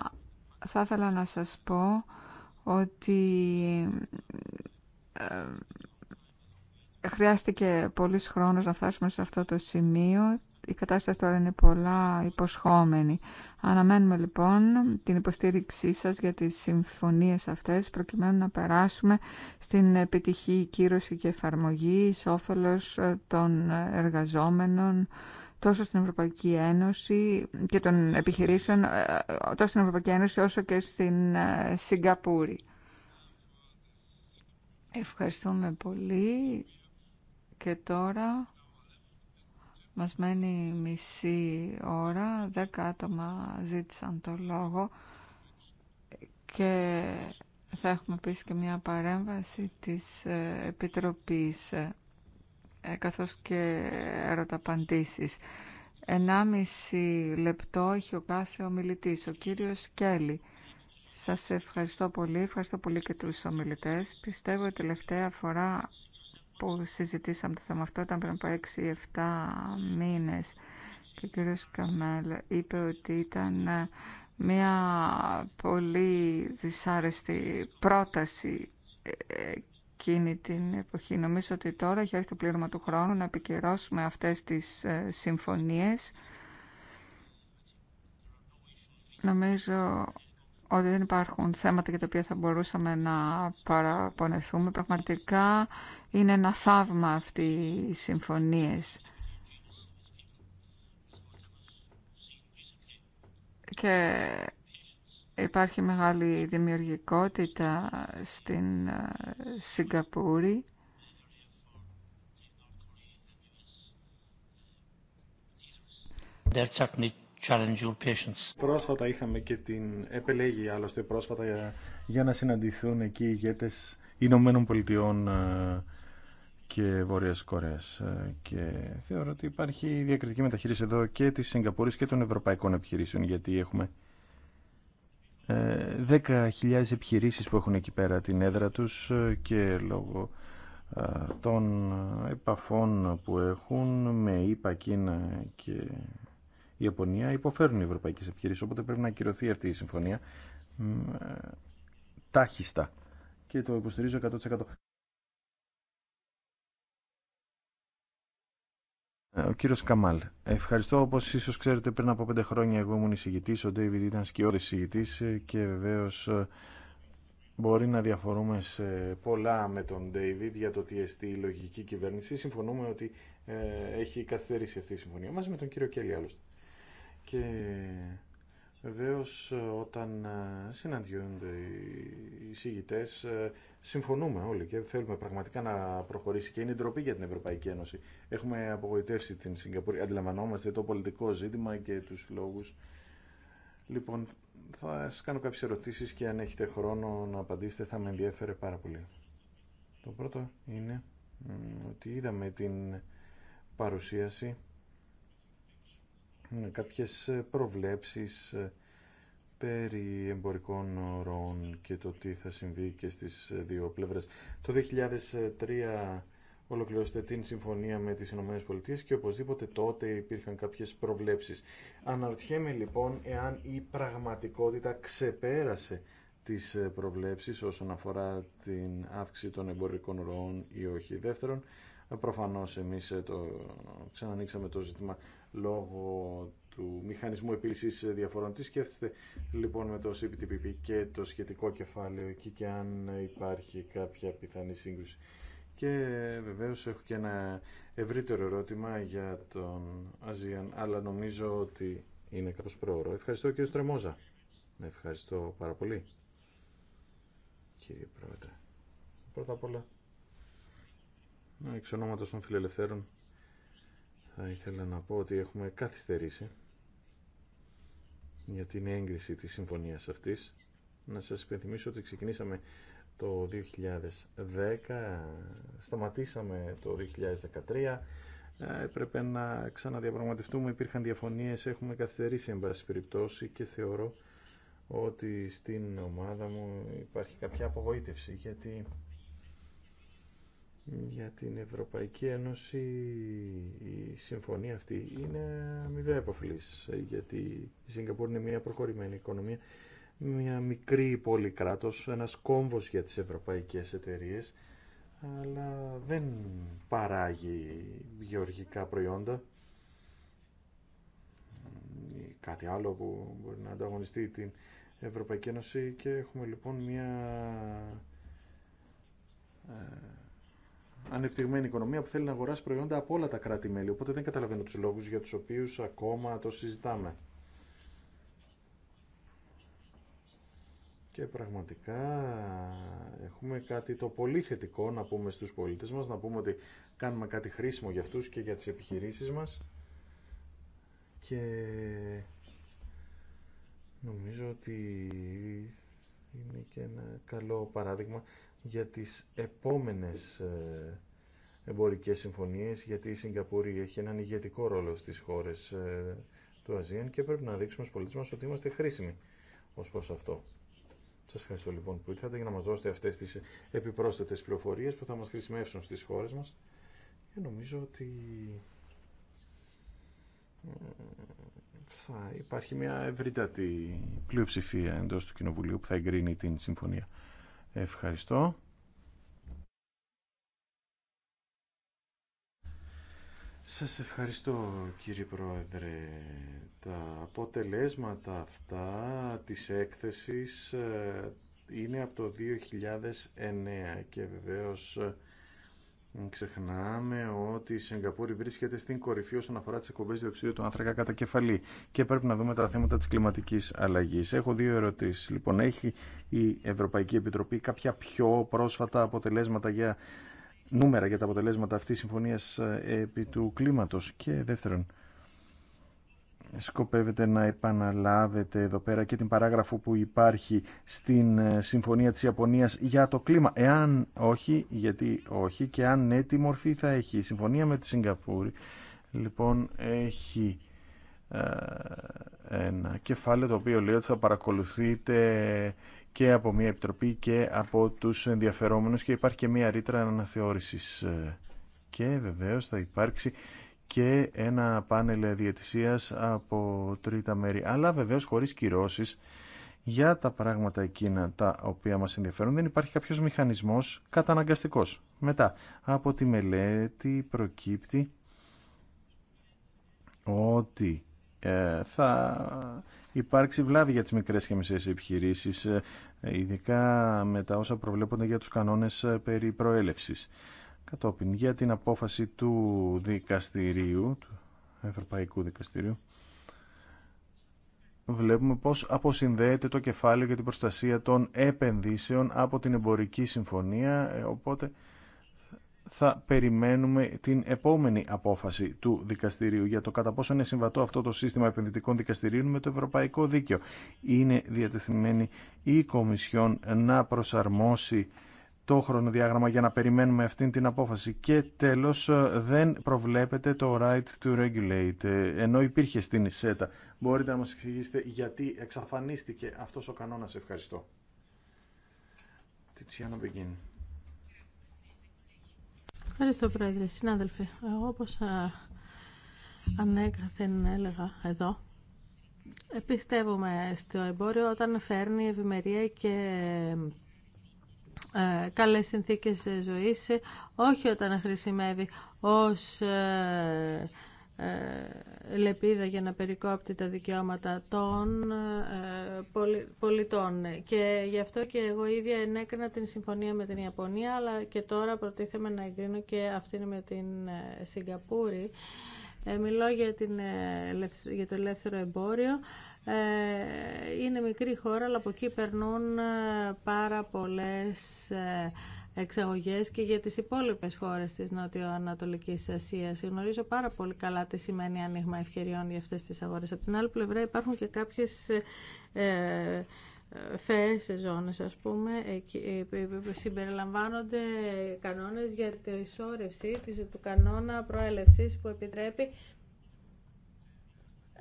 θα ήθελα να σας πω ότι ε, χρειάστηκε πολύς χρόνος να φτάσουμε σε αυτό το σημείο η κατάσταση τώρα είναι πολλά υποσχόμενη. Αναμένουμε λοιπόν την υποστήριξή σας για τις συμφωνίες αυτές προκειμένου να περάσουμε στην επιτυχή κύρωση και εφαρμογή εις όφελος ε, των εργαζόμενων τόσο στην Ευρωπαϊκή Ένωση και των επιχειρήσεων ε, τόσο στην Ευρωπαϊκή Ένωση όσο και στην ε, Σιγκαπούρη. Ευχαριστούμε πολύ και τώρα μας μένει μισή ώρα, δέκα άτομα ζήτησαν το λόγο και θα έχουμε επίση και μια παρέμβαση της ε, Επιτροπής ε, ε, καθώς και ερωταπαντήσεις. Ενάμιση λεπτό έχει ο κάθε ομιλητής, ο κύριος Κέλλη. Σας ευχαριστώ πολύ, ευχαριστώ πολύ και τους ομιλητές. Πιστεύω ότι τελευταία φορά που συζητήσαμε το θέμα αυτό ήταν πριν από 6-7 μήνες και ο κύριος Καμέλ είπε ότι ήταν ε, μια πολύ δυσάρεστη πρόταση ε, εκείνη την εποχή. Νομίζω ότι τώρα έχει έρθει το πλήρωμα του χρόνου να επικυρώσουμε αυτές τις ε, συμφωνίες. Νομίζω ότι δεν υπάρχουν θέματα για τα οποία θα μπορούσαμε να παραπονεθούμε. Πραγματικά είναι ένα θαύμα αυτή οι συμφωνίες. Και υπάρχει μεγάλη δημιουργικότητα στην ε, Σιγκαπούρη. Πρόσφατα είχαμε και την επελέγη άλλωστε πρόσφατα για, να συναντηθούν εκεί οι ηγέτες Ηνωμένων Πολιτειών ε, και Βόρειας Κορέας. Ε, και θεωρώ ότι υπάρχει διακριτική μεταχείριση εδώ και της Σιγκαπούρης και των ευρωπαϊκών επιχειρήσεων γιατί έχουμε 10.000 ε, επιχειρήσεις που έχουν εκεί πέρα την έδρα τους και λόγω των επαφών που έχουν με ΙΠΑ, Κίνα και Ιαπωνία υποφέρουν οι ευρωπαϊκές επιχειρήσεις, οπότε πρέπει να ακυρωθεί αυτή η συμφωνία ε, τάχιστα και το υποστηρίζω 100%. Ε, ο κύριος Καμάλ, ευχαριστώ όπως ίσως ξέρετε πριν από πέντε χρόνια εγώ ήμουν εισηγητής, ο Ντέιβιντ ήταν σκιώδης εισηγητής και βεβαίως ε, μπορεί να διαφορούμε σε πολλά με τον Ντέιβιντ για το τι εστί η λογική κυβέρνηση. Συμφωνούμε ότι έχει καθυστερήσει αυτή η συμφωνία μαζί με τον κύριο Κέλλη άλλωστε. Και βεβαίω ε, όταν ε, συναντιούνται οι συγητέ, ε, συμφωνούμε όλοι και θέλουμε πραγματικά να προχωρήσει και είναι ντροπή για την Ευρωπαϊκή Ένωση. Έχουμε απογοητεύσει την Σιγκαπούρη, αντιλαμβανόμαστε το πολιτικό ζήτημα και τους λόγους. Λοιπόν, θα σας κάνω κάποιες ερωτήσεις και αν έχετε χρόνο να απαντήσετε θα με ενδιαφέρε πάρα πολύ. Το πρώτο είναι ότι είδαμε την παρουσίαση ναι, κάποιες ε, προβλέψεις ε, περί εμπορικών ροών και το τι θα συμβεί και στις ε, δύο πλευρές. Το 2003 ολοκληρώσετε την συμφωνία με τις ΗΠΑ και οπωσδήποτε τότε υπήρχαν κάποιες προβλέψεις. Αναρωτιέμαι λοιπόν εάν η πραγματικότητα ξεπέρασε τις προβλέψεις όσον αφορά την αύξηση των εμπορικών ροών ή όχι. Δεύτερον, προφανώς εμείς το ξανανοίξαμε το ζήτημα λόγω του μηχανισμού επίλυσης διαφορών. Τι σκέφτεστε λοιπόν με το CPTPP και το σχετικό κεφάλαιο εκεί και αν υπάρχει κάποια πιθανή σύγκρουση. Και βεβαίως έχω και ένα ευρύτερο ερώτημα για τον Αζίαν, αλλά νομίζω ότι είναι κάπως πρόωρο. Ευχαριστώ κύριε Στρεμόζα. Ευχαριστώ πάρα πολύ κύριε Πρόεδρε. Πρώτα απ' όλα, εξ ονόματος των φιλελευθέρων, θα ήθελα να πω ότι έχουμε καθυστερήσει για την έγκριση της συμφωνίας αυτής. Να σας υπενθυμίσω ότι ξεκινήσαμε το 2010, σταματήσαμε το 2013, ε, έπρεπε να ξαναδιαπραγματευτούμε, υπήρχαν διαφωνίες, έχουμε καθυστερήσει εν πάση περιπτώσει και θεωρώ ότι στην ομάδα μου υπάρχει κάποια απογοήτευση γιατί για την Ευρωπαϊκή Ένωση η συμφωνία αυτή είναι αμοιβαία επαφλής γιατί η Σιγκαπούρη είναι μια προχωρημένη οικονομία μια μικρή πόλη κράτος, ένας κόμβος για τις ευρωπαϊκές εταιρείες αλλά δεν παράγει γεωργικά προϊόντα ή κάτι άλλο που μπορεί να ανταγωνιστεί την Ευρωπαϊκή Ένωση και έχουμε λοιπόν μια ε, ανεπτυγμένη οικονομία που θέλει να αγοράσει προϊόντα από όλα τα κράτη-μέλη. Οπότε δεν καταλαβαίνω τους λόγους για τους οποίους ακόμα το συζητάμε. Και πραγματικά έχουμε κάτι το πολύ θετικό να πούμε στους πολίτες μας, να πούμε ότι κάνουμε κάτι χρήσιμο για αυτούς και για τις επιχειρήσεις μας. Και νομίζω ότι είναι και ένα καλό παράδειγμα για τις επόμενες ε, εμπορικές συμφωνίες, γιατί η Σιγκαπούρη έχει έναν ηγετικό ρόλο στις χώρες ε, του ΑΖΙΑΝ και πρέπει να δείξουμε στους πολίτες μας ότι είμαστε χρήσιμοι ως προς αυτό. Σας ευχαριστώ λοιπόν που ήρθατε για να μας δώσετε αυτές τις επιπρόσθετες πληροφορίες που θα μας χρησιμεύσουν στις χώρες μας και νομίζω ότι ε, θα υπάρχει μια ευρύτατη πλειοψηφία εντός του Κοινοβουλίου που θα εγκρίνει την συμφωνία. Ευχαριστώ. Σας ευχαριστώ κύριε Πρόεδρε. Τα αποτελέσματα αυτά της έκθεσης ε, είναι από το 2009 και βεβαίως ξεχνάμε ότι η Σιγκαπούρη βρίσκεται στην κορυφή όσον αφορά τι εκπομπέ διοξιδίου του άνθρακα κατά κεφαλή. Και πρέπει να δούμε τα θέματα τη κλιματική αλλαγή. Έχω δύο ερωτήσει. Λοιπόν, έχει η Ευρωπαϊκή Επιτροπή κάποια πιο πρόσφατα αποτελέσματα για νούμερα για τα αποτελέσματα αυτή τη συμφωνία ε, επί του κλίματο. Και δεύτερον, σκοπεύετε να επαναλάβετε εδώ πέρα και την παράγραφο που υπάρχει στην ε, Συμφωνία της Ιαπωνίας για το κλίμα. Εάν όχι, γιατί όχι και αν ναι, τι μορφή θα έχει. Η Συμφωνία με τη Σιγκαπούρη λοιπόν έχει ε, ένα κεφάλαιο το οποίο λέει ότι θα παρακολουθείτε και από μια επιτροπή και από τους ενδιαφερόμενους και υπάρχει και μια ρήτρα αναθεώρησης ε, και βεβαίως θα υπάρξει και ένα πάνελ διατησίας από τρίτα μέρη, αλλά βεβαίως χωρίς κυρώσεις για τα πράγματα εκείνα τα οποία μας ενδιαφέρουν δεν υπάρχει κάποιος μηχανισμός καταναγκαστικός. Μετά, από τη μελέτη προκύπτει ότι ε, θα υπάρξει βλάβη για τις μικρές και μισές επιχειρήσεις, ε, ειδικά μετά όσα προβλέπονται για τους κανόνες ε, περί προέλευσης κατόπιν για την απόφαση του δικαστηρίου, του Ευρωπαϊκού Δικαστηρίου, βλέπουμε πώς αποσυνδέεται το κεφάλαιο για την προστασία των επενδύσεων από την εμπορική συμφωνία, ε, οπότε θα περιμένουμε την επόμενη απόφαση του δικαστηρίου για το κατά πόσο είναι συμβατό αυτό το σύστημα επενδυτικών δικαστηρίων με το ευρωπαϊκό δίκαιο. Είναι διατεθειμένη η Κομισιόν να προσαρμόσει το χρονοδιάγραμμα για να περιμένουμε αυτήν την απόφαση. Και τέλος ε, δεν προβλέπεται το right to regulate, ε, ενώ υπήρχε στην ΙΣΕΤΑ. Μπορείτε να μας εξηγήσετε γιατί εξαφανίστηκε αυτός ο κανόνας. Ευχαριστώ. Τιτσιάνα Μπεγκίν. Ευχαριστώ Πρόεδρε. Συνάδελφοι, εγώ όπως ε, ανέκαθεν έλεγα εδώ, πιστεύουμε στο εμπόριο όταν φέρνει ευημερία και ε, καλές συνθήκες ζωής, ε, όχι όταν χρησιμεύει ως ε, λεπίδα για να περικόπτει τα δικαιώματα των πολιτών. Και γι' αυτό και εγώ ίδια ενέκρινα την συμφωνία με την Ιαπωνία, αλλά και τώρα προτίθεμαι να εγκρίνω και αυτήν με την Σιγκαπούρη. Μιλώ για, για το ελεύθερο εμπόριο ε, είναι μικρή χώρα, αλλά από εκεί περνούν ε, πάρα πολλές ε, εξαγωγές και για τις υπόλοιπες χώρες της Νότιο-Ανατολικής Ασίας. Γνωρίζω πάρα πολύ καλά τι σημαίνει άνοιγμα ευκαιριών για αυτές τις αγορές. Από την άλλη πλευρά υπάρχουν και κάποιες ε, φαιές ζώνες ας πούμε συμπεριλαμβάνονται κανόνες για τη σώρευση του κανόνα προέλευσης που επιτρέπει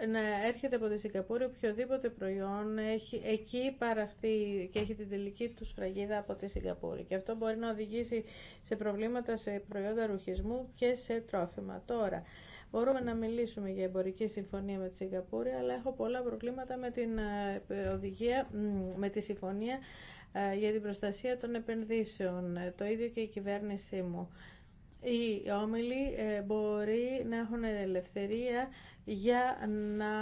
να έρχεται από τη Σιγκαπούρη οποιοδήποτε προϊόν έχει εκεί παραχθεί και έχει την τελική του σφραγίδα από τη Σιγκαπούρη. Και αυτό μπορεί να οδηγήσει σε προβλήματα σε προϊόντα ρουχισμού και σε τρόφιμα. Τώρα, μπορούμε να μιλήσουμε για εμπορική συμφωνία με τη Σιγκαπούρη, αλλά έχω πολλά προβλήματα με την ε, οδηγία, με τη συμφωνία ε, για την προστασία των επενδύσεων. Το ίδιο και η κυβέρνησή μου. Οι όμιλοι ε, μπορεί να έχουν ελευθερία για να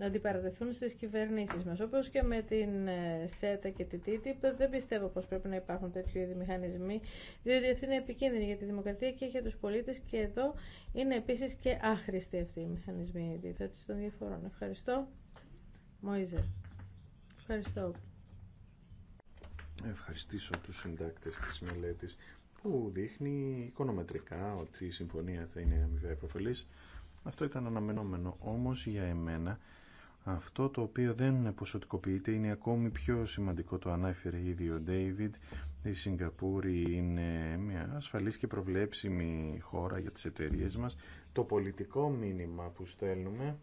ε, αντιπαρατεθούν στις κυβερνήσεις μας. Όπως και με την ε, ΣΕΤΑ και τη TTIP, δεν πιστεύω πως πρέπει να υπάρχουν τέτοιου είδη μηχανισμοί, διότι αυτή είναι επικίνδυνη για τη δημοκρατία και για τους πολίτες και εδώ είναι επίσης και άχρηστοι αυτοί οι μηχανισμοί αντίθετης των διαφορών. Ευχαριστώ. Μόιζερ. Ευχαριστώ. Ευχαριστήσω τους συντάκτες της μελέτης που δείχνει οικονομετρικά ότι η συμφωνία θα είναι αμοιβαία υποφελής αυτό ήταν αναμενόμενο. Όμως για εμένα αυτό το οποίο δεν ποσοτικοποιείται είναι ακόμη πιο σημαντικό το ανάφερε ήδη ο Ντέιβιντ. Η Σιγκαπούρη είναι μια ασφαλής και προβλέψιμη χώρα για τις εταιρείες μας. Το πολιτικό μήνυμα που στέλνουμε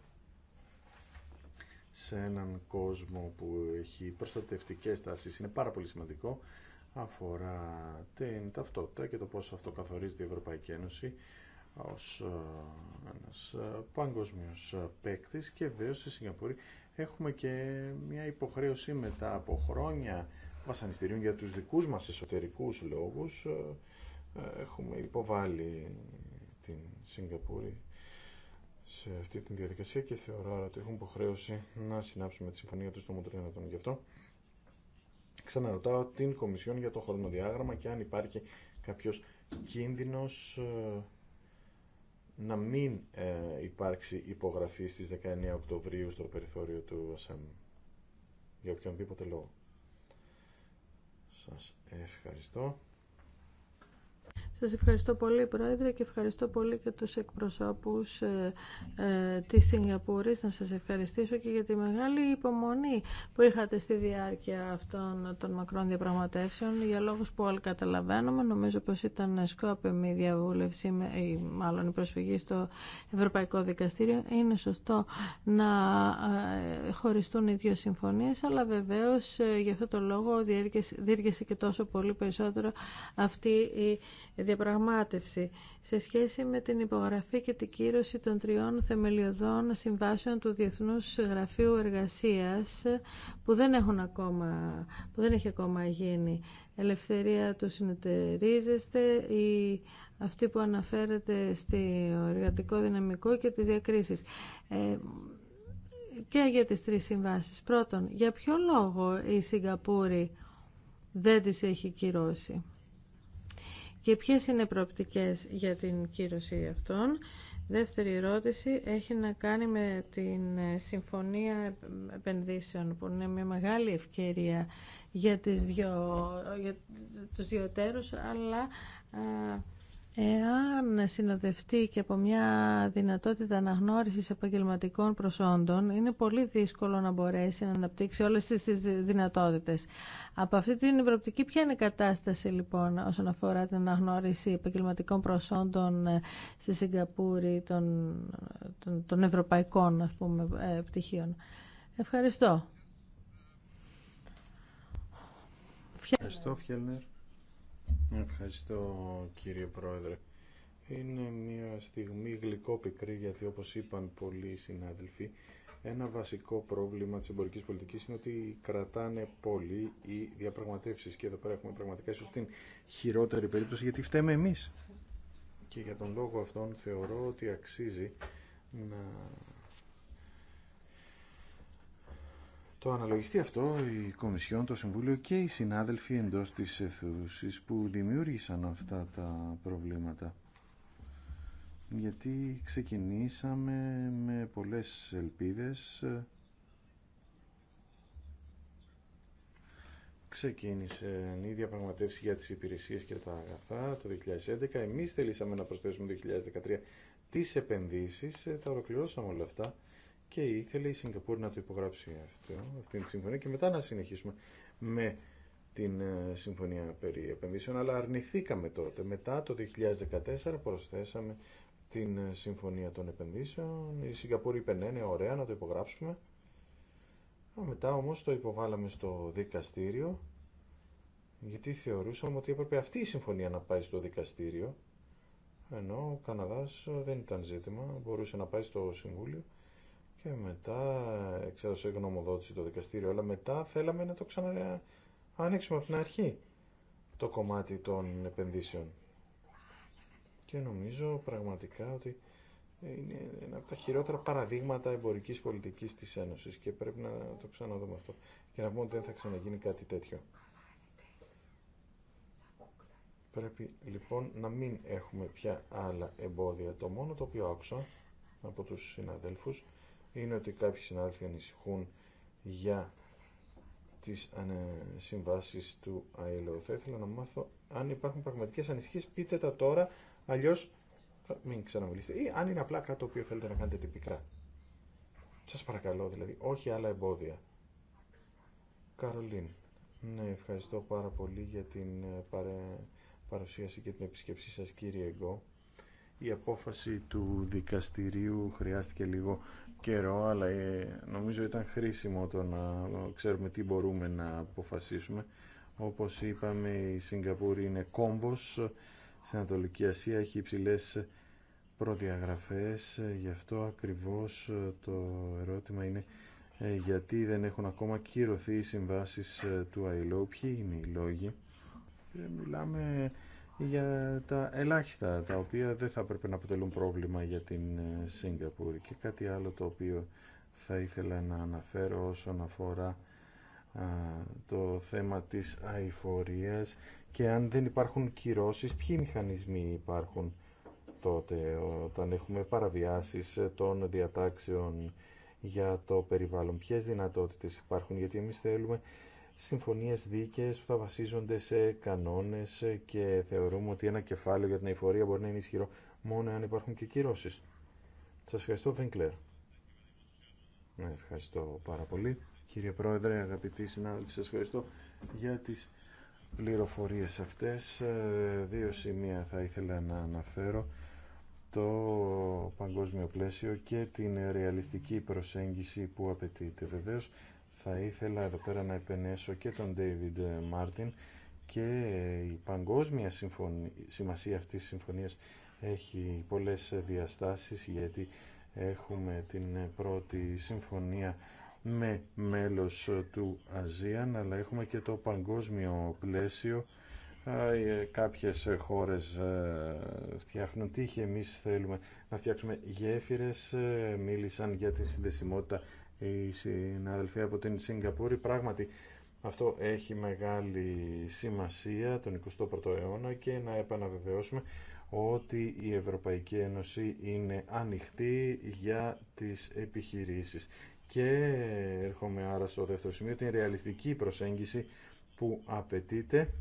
σε έναν κόσμο που έχει προστατευτικές τάσεις είναι πάρα πολύ σημαντικό αφορά την ταυτότητα και το πώς αυτό καθορίζει η Ευρωπαϊκή Ένωση ως ε, ένας ε, παγκοσμίος ε, παίκτης και βέβαια στη Σιγκαπούρη έχουμε και μια υποχρέωση μετά από χρόνια βασανιστήριων για τους δικούς μας εσωτερικούς λόγους έχουμε υποβάλει την Σιγκαπούρη σε αυτή τη διαδικασία και θεωρώ ότι έχουμε υποχρέωση να συνάψουμε τη συμφωνία του στο Μοντρίνατον γι' αυτό ξαναρωτάω την Κομισιόν για το χρονοδιάγραμμα και αν υπάρχει κάποιος κίνδυνος να μην ε, υπάρξει υπογραφή στις 19 Οκτωβρίου στο περιθώριο του ΑΣΕΜ. Για οποιονδήποτε λόγο. Σας ευχαριστώ. Σας ευχαριστώ πολύ Πρόεδρε και ευχαριστώ πολύ και τους εκπροσώπους ε, ε, της Σιγκαπούρης. Να σας ευχαριστήσω και για τη μεγάλη υπομονή που είχατε στη διάρκεια αυτών των μακρών διαπραγματεύσεων για λόγους που όλοι καταλαβαίνουμε. Νομίζω πως ήταν σκόπεμη η διαβούλευση ή μάλλον η προσφυγή στο Ευρωπαϊκό Δικαστήριο. Είναι σωστό να ε, χωριστούν οι δύο συμφωνίες αλλά βεβαίως ε, γι' αυτό το λόγο διέργεσε και τόσο πολύ περισσότερο αυτή η διαπραγμάτευση σε σχέση με την υπογραφή και την κύρωση των τριών θεμελιωδών συμβάσεων του Διεθνούς Γραφείου Εργασίας που δεν, έχουν ακόμα, που δεν έχει ακόμα γίνει. Ελευθερία του συνεταιρίζεστε, η, αυτή που αναφέρεται στο εργατικό δυναμικό και τις διακρίσεις. Ε, και για τις τρεις συμβάσεις. Πρώτον, για ποιο λόγο η Σιγκαπούρη δεν τις έχει κυρώσει και ποιες είναι οι προοπτικές για την κύρωση αυτών. Δεύτερη ερώτηση έχει να κάνει με την ε, Συμφωνία Επενδύσεων που είναι μια μεγάλη ευκαιρία για, τις δυο, για τους δύο αλλά Εάν συνοδευτεί και από μια δυνατότητα αναγνώρισης επαγγελματικών προσόντων, είναι πολύ δύσκολο να μπορέσει να αναπτύξει όλες τις δυνατότητες. Από αυτή την προοπτική, ποια είναι η κατάσταση λοιπόν όσον αφορά την αναγνώριση επαγγελματικών προσόντων ε, στη Σιγκαπούρη των, ευρωπαϊκών ας πούμε, ε, πτυχίων. Ευχαριστώ. Ευχαριστώ, Ευχαριστώ κύριε Πρόεδρε. Είναι μια στιγμή γλυκόπικρή γιατί όπως είπαν πολλοί συνάδελφοι ένα βασικό πρόβλημα της εμπορικής πολιτικής είναι ότι κρατάνε πολύ οι διαπραγματεύσεις και εδώ πέρα έχουμε πραγματικά ίσως την χειρότερη περίπτωση γιατί φταίμε εμείς. Και για τον λόγο αυτόν θεωρώ ότι αξίζει να το αναλογιστεί αυτό η Κομισιόν, το Συμβούλιο και οι συνάδελφοι εντός της εθούσης που δημιούργησαν αυτά τα προβλήματα. Γιατί ξεκινήσαμε με πολλές ελπίδες. Ξεκίνησε η διαπραγματεύση για τις υπηρεσίες και τα αγαθά το 2011. Εμείς θελήσαμε να προσθέσουμε το 2013 τις επενδύσεις. Ε, τα ολοκληρώσαμε όλα αυτά και ήθελε η Σιγκαπούρη να το υπογράψει αυτό, αυτή τη συμφωνία και μετά να συνεχίσουμε με την ε, συμφωνία περί επενδύσεων, αλλά αρνηθήκαμε τότε. Μετά το 2014 προσθέσαμε την ε, συμφωνία των επενδύσεων. Η Σιγκαπούρη είπε ναι, ναι, ωραία, να το υπογράψουμε. Μετά όμως το υποβάλαμε στο δικαστήριο, γιατί θεωρούσαμε ότι έπρεπε αυτή η συμφωνία να πάει στο δικαστήριο, ενώ ο Καναδάς δεν ήταν ζήτημα, μπορούσε να πάει στο Συμβούλιο και μετά εξέδωσε γνωμοδότηση το δικαστήριο, αλλά μετά θέλαμε να το ξαναανοίξουμε από την αρχή το κομμάτι των επενδύσεων. Και νομίζω πραγματικά ότι είναι ένα από τα χειρότερα παραδείγματα εμπορικής πολιτικής της Ένωσης και πρέπει να το ξαναδούμε αυτό και να πούμε ότι δεν θα ξαναγίνει κάτι τέτοιο. Πρέπει λοιπόν να μην έχουμε πια άλλα εμπόδια. Το μόνο το οποίο άκουσα από τους συναδέλφους είναι ότι κάποιοι συνάδελφοι ανησυχούν για τις ε, συμβάσεις του ΑΕΛΟ. Θα ήθελα να μάθω αν υπάρχουν πραγματικές ανησυχίες, πείτε τα τώρα, αλλιώς μην ξαναμιλήσετε. Ή αν είναι απλά κάτι το οποίο θέλετε να κάνετε τυπικά. Σας παρακαλώ δηλαδή, όχι άλλα εμπόδια. Καρολίν, ναι, ευχαριστώ πάρα πολύ για την ε, παρουσίαση και την επισκέψή σας κύριε Γκο η απόφαση του δικαστηρίου χρειάστηκε λίγο καιρό, αλλά ε, νομίζω ήταν χρήσιμο το να ξέρουμε τι μπορούμε να αποφασίσουμε. Όπως είπαμε, η Σιγκαπούρη είναι κόμβος στην Ανατολική Ασία, έχει υψηλές προδιαγραφές, γι' αυτό ακριβώς ε, το ερώτημα είναι ε, γιατί δεν έχουν ακόμα κυρωθεί οι συμβάσεις του Άιλο ποιοι είναι οι λόγοι. Μιλάμε για τα ελάχιστα τα οποία δεν θα έπρεπε να αποτελούν πρόβλημα για την ε, Σιγκαπούρη και κάτι άλλο το οποίο θα ήθελα να αναφέρω όσον αφορά το θέμα της αηφορίας και αν δεν υπάρχουν κυρώσεις, ποιοι μηχανισμοί υπάρχουν τότε όταν έχουμε παραβιάσεις ε, των διατάξεων για το περιβάλλον, ποιες δυνατότητες υπάρχουν, γιατί εμείς θέλουμε συμφωνίες δίκαιες που θα βασίζονται σε κανόνες και θεωρούμε ότι ένα κεφάλαιο για την εφορία μπορεί να είναι ισχυρό μόνο αν υπάρχουν και κυρώσεις. Σας ευχαριστώ, Βίνκλερ. Ναι, ευχαριστώ πάρα πολύ. Κύριε Πρόεδρε, αγαπητοί συνάδελφοι, σας ευχαριστώ για τις πληροφορίες αυτές. Ε, δύο σημεία θα ήθελα να αναφέρω. Το παγκόσμιο πλαίσιο και την ρεαλιστική προσέγγιση που απαιτείται. Βεβαίως, θα ήθελα εδώ πέρα να επενέσω και τον David Μάρτιν και η παγκόσμια σημασία αυτής της συμφωνίας έχει πολλές διαστάσεις γιατί έχουμε την πρώτη συμφωνία με μέλος του ΑΖΙΑΝ αλλά έχουμε και το παγκόσμιο πλαίσιο ε, κάποιες χώρες ε, φτιάχνουν είχε εμείς θέλουμε να φτιάξουμε γέφυρες ε, μίλησαν για τη συνδεσιμότητα οι συναδελφοί από την Σιγκαπούρη. Πράγματι αυτό έχει μεγάλη σημασία τον 21ο αιώνα και να επαναβεβαιώσουμε ότι η Ευρωπαϊκή Ένωση είναι ανοιχτή για τις επιχειρήσεις. Και έρχομαι άρα στο δεύτερο σημείο, την ρεαλιστική προσέγγιση που απαιτείται.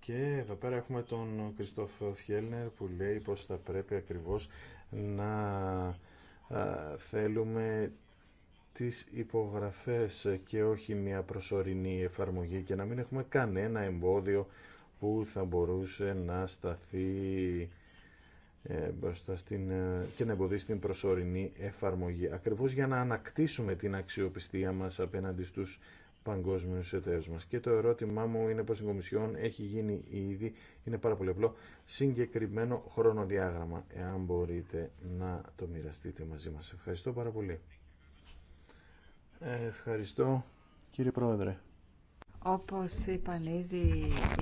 Και εδώ πέρα έχουμε τον Κριστόφ Φιέλνερ που λέει πως θα πρέπει ακριβώς να θέλουμε τις υπογραφές και όχι μια προσωρινή εφαρμογή και να μην έχουμε κανένα εμπόδιο που θα μπορούσε να σταθεί ε, μπροστά στην, ε, και να εμποδίσει την προσωρινή εφαρμογή. Ακριβώς για να ανακτήσουμε την αξιοπιστία μας απέναντι στους παγκόσμιους εταίρους μας. Και το ερώτημά μου είναι πως η Κομισιόν έχει γίνει ήδη, είναι πάρα πολύ απλό, συγκεκριμένο χρονοδιάγραμμα, εάν μπορείτε να το μοιραστείτε μαζί μας. Ευχαριστώ πάρα πολύ. Ευχαριστώ κύριε Πρόεδρε. Όπως είπαν ήδη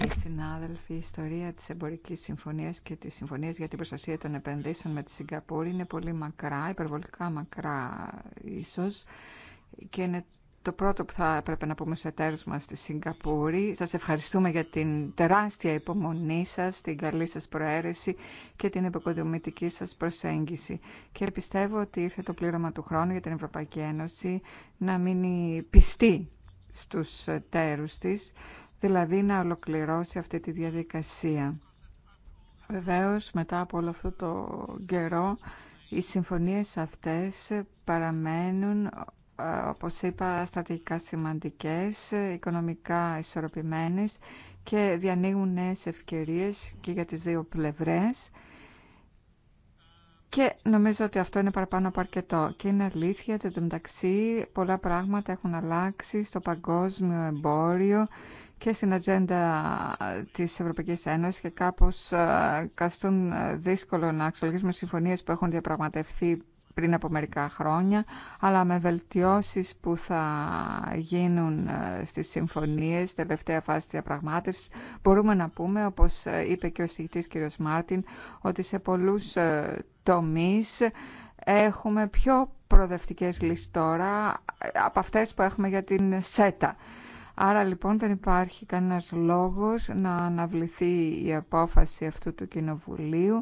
οι συνάδελφοι, η ιστορία της εμπορικής συμφωνίας και της συμφωνίας για την προστασία των επενδύσεων με τη Σιγκαπούρη είναι πολύ μακρά, υπερβολικά μακρά ίσως και είναι το πρώτο που θα έπρεπε να πούμε στους εταίρους μας στη Σιγκαπούρη. Σας ευχαριστούμε για την τεράστια υπομονή σας, την καλή σας προαίρεση και την επικοδομητική σας προσέγγιση. Και πιστεύω ότι ήρθε το πλήρωμα του χρόνου για την Ευρωπαϊκή Ένωση να μείνει πιστή στους εταίρους της, δηλαδή να ολοκληρώσει αυτή τη διαδικασία. Βεβαίως, μετά από όλο αυτό το καιρό, οι συμφωνίες αυτές παραμένουν όπως είπα, στρατηγικά σημαντικές, οικονομικά ισορροπημένες και διανοίγουν νέες ευκαιρίες και για τις δύο πλευρές. Και νομίζω ότι αυτό είναι παραπάνω από αρκετό. Και είναι αλήθεια ότι μεταξύ πολλά πράγματα έχουν αλλάξει στο παγκόσμιο εμπόριο και στην ατζέντα της Ευρωπαϊκής Ένωσης και κάπως ε, καθιστούν ε, δύσκολο να αξιολογήσουμε συμφωνίες που έχουν διαπραγματευτεί πριν από μερικά χρόνια, αλλά με βελτιώσεις που θα γίνουν ε, στις συμφωνίες, τελευταία φάση διαπραγμάτευση, μπορούμε να πούμε, όπως ε, είπε και ο συγητής κ. Μάρτιν, ότι σε πολλούς ε, τομείς έχουμε πιο προοδευτικές λύσεις τώρα από αυτές που έχουμε για την ΣΕΤΑ. Άρα λοιπόν δεν υπάρχει κανένας λόγος να αναβληθεί η απόφαση αυτού του Κοινοβουλίου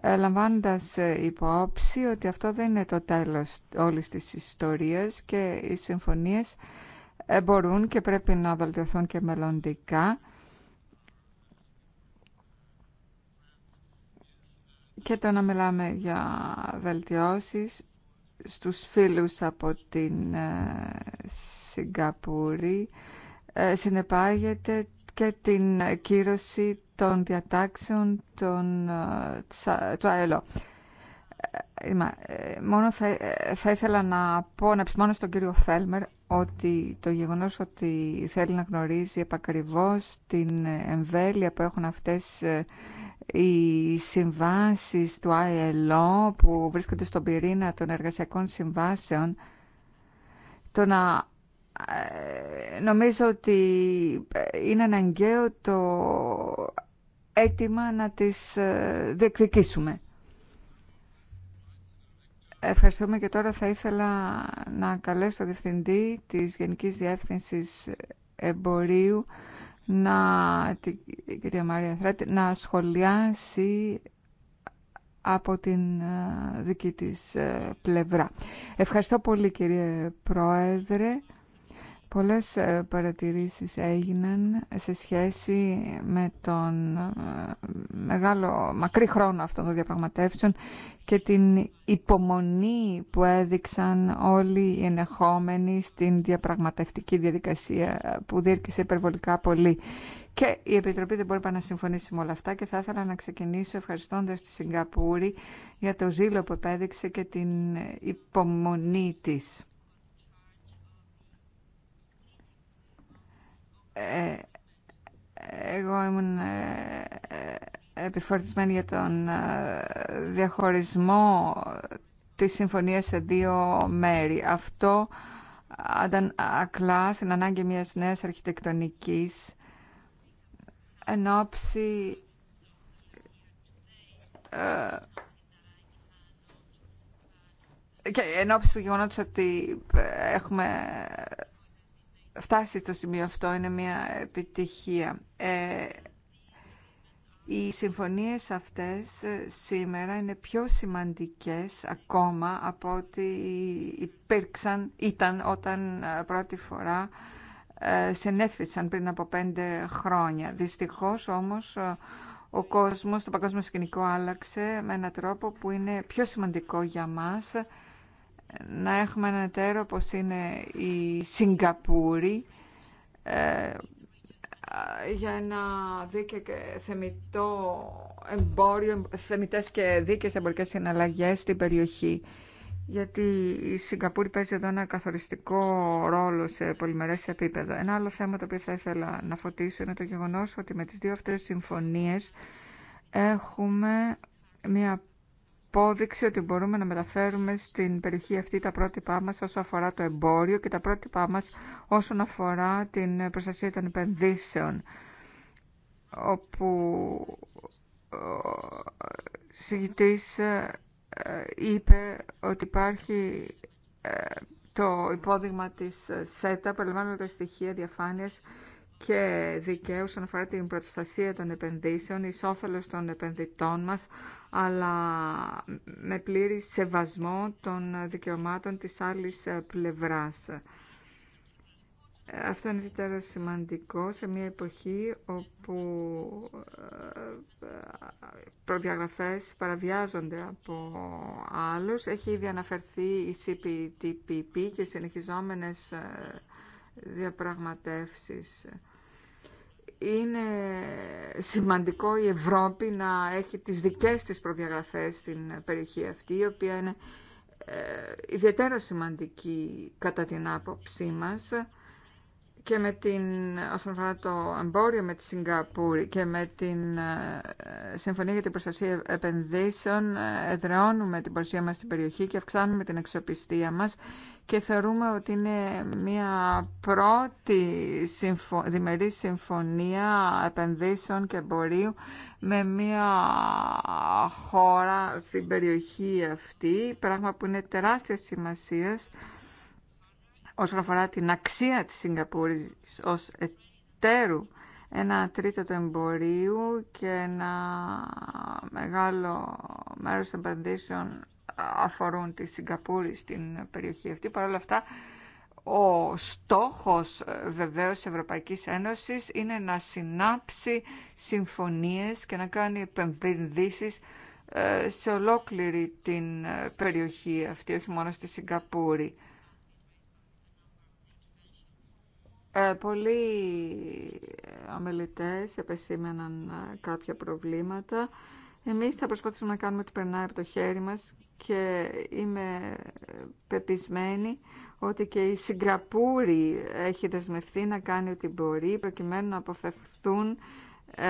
ε, λαμβάνοντας ε, υπόψη ότι αυτό δεν είναι το τέλος όλης της ιστορίας και οι συμφωνίες ε, μπορούν και πρέπει να βελτιωθούν και μελλοντικά και το να μιλάμε για βελτιώσεις στους φίλους από την Σιγκαπούρη συνεπάγεται και την κύρωση των διατάξεων των, ε, του ΑΕΛΟ. Ε, ε, μόνο θα, θα ήθελα να πω, να επισημάνω στον κύριο Φέλμερ ότι το γεγονός ότι θέλει να γνωρίζει επακριβώς την εμβέλεια που έχουν αυτές οι συμβάσεις του ΑΕΛΟ, που βρίσκονται στον πυρήνα των εργασιακών συμβάσεων το να ε, νομίζω ότι ε, είναι αναγκαίο το αίτημα να τις ε, διεκδικήσουμε. Ευχαριστούμε και τώρα θα ήθελα να καλέσω τον Διευθυντή της Γενικής Διεύθυνσης Εμπορίου να, την κυρία Μαρία Θράτη, να σχολιάσει από την δική της πλευρά. Ευχαριστώ πολύ κύριε Πρόεδρε. Πολλές ε, παρατηρήσεις έγιναν σε σχέση με τον ε, μεγάλο μακρύ χρόνο αυτών των διαπραγματεύσεων και την υπομονή που έδειξαν όλοι οι ενεχόμενοι στην διαπραγματευτική διαδικασία που δίερκησε υπερβολικά πολύ. Και η Επιτροπή δεν μπορεί να συμφωνήσει με όλα αυτά και θα ήθελα να ξεκινήσω ευχαριστώντας τη Σιγκαπούρη για το ζήλο που επέδειξε και την υπομονή της. Ε, ε, εγώ ήμουν ε, επιφορτισμένη για τον διαχωρισμό της συμφωνίας σε δύο μέρη. Αυτό ακλά στην ανάγκη μιας νέας αρχιτεκτονικής εν ώψη και εν ώψη του ότι έχουμε φτάσει στο σημείο αυτό είναι μια επιτυχία. Ε, οι συμφωνίες αυτές ε, σήμερα είναι πιο σημαντικές ακόμα από ό,τι υπήρξαν, ήταν όταν ε, πρώτη φορά συνέφθησαν πριν από πέντε χρόνια. Δυστυχώς όμως ο κόσμος, το παγκόσμιο σκηνικό άλλαξε με έναν τρόπο που είναι πιο σημαντικό για μας να έχουμε έναν εταίρο όπως είναι η Σιγκαπούρη ε, για ένα δίκαιο και θεμητό εμπόριο, θεμητές και δίκαιες εμπορικές συναλλαγές στην περιοχή. Γιατί η Σιγκαπούρη παίζει εδώ ένα καθοριστικό ρόλο σε πολυμερές επίπεδο. Ένα άλλο θέμα το οποίο θα ήθελα να φωτίσω είναι το γεγονός ότι με τις δύο αυτές συμφωνίες έχουμε μια ότι μπορούμε να μεταφέρουμε στην περιοχή αυτή τα πρότυπά μας όσο αφορά το εμπόριο και τα πρότυπά μας όσον αφορά την προστασία των επενδύσεων όπου ο ε, συγητής ε, ε, είπε ότι υπάρχει το υπόδειγμα της ΣΕΤΑ, περιλαμβάνοντας στοιχεία διαφάνειας και δικαίου όσον αφορά την προστασία των επενδύσεων, εις όφελος των επενδυτών μας, αλλά με πλήρη σεβασμό των δικαιωμάτων της άλλης πλευράς. Αυτό είναι ιδιαίτερα σημαντικό σε μια εποχή όπου ε, προδιαγραφές παραβιάζονται από άλλους. Έχει ήδη αναφερθεί η CPTPP και συνεχιζόμενες ε, διαπραγματεύσεις είναι σημαντικό η Ευρώπη να έχει τις δικές της προδιαγραφές στην περιοχή αυτή, η οποία είναι ε, ιδιαίτερα σημαντική κατά την άποψή μας και με την, όσον αφορά το εμπόριο με τη Σιγκαπούρη και με την ε, Συμφωνία για την Προστασία Επενδύσεων ε, εδραιώνουμε την παρουσία μας στην περιοχή και αυξάνουμε την αξιοπιστία μας και θεωρούμε ότι είναι μια πρώτη συμφω... διμερή συμφωνία επενδύσεων και εμπορίου με μια χώρα στην περιοχή αυτή, πράγμα που είναι τεράστια σημασία όσον αφορά την αξία της Σιγκαπούρης ως εταίρου ένα τρίτο του εμπορίου και ένα μεγάλο μέρος επενδύσεων αφορούν τη Σιγκαπούρη στην περιοχή αυτή. Παρ' όλα αυτά, ο στόχος ε, βεβαίως της Ευρωπαϊκής Ένωσης είναι να συνάψει συμφωνίες και να κάνει επενδύσεις ε, σε ολόκληρη την ε, περιοχή αυτή, όχι μόνο στη Σιγκαπούρη. πολλοί αμελητές επεσήμεναν κάποια προβλήματα. Εμείς θα προσπαθήσουμε να κάνουμε ό,τι περνάει από το χέρι μας και είμαι πεπισμένη ότι και η Συγκαπούρη έχει δεσμευτεί να κάνει ό,τι μπορεί προκειμένου να αποφευθούν ε,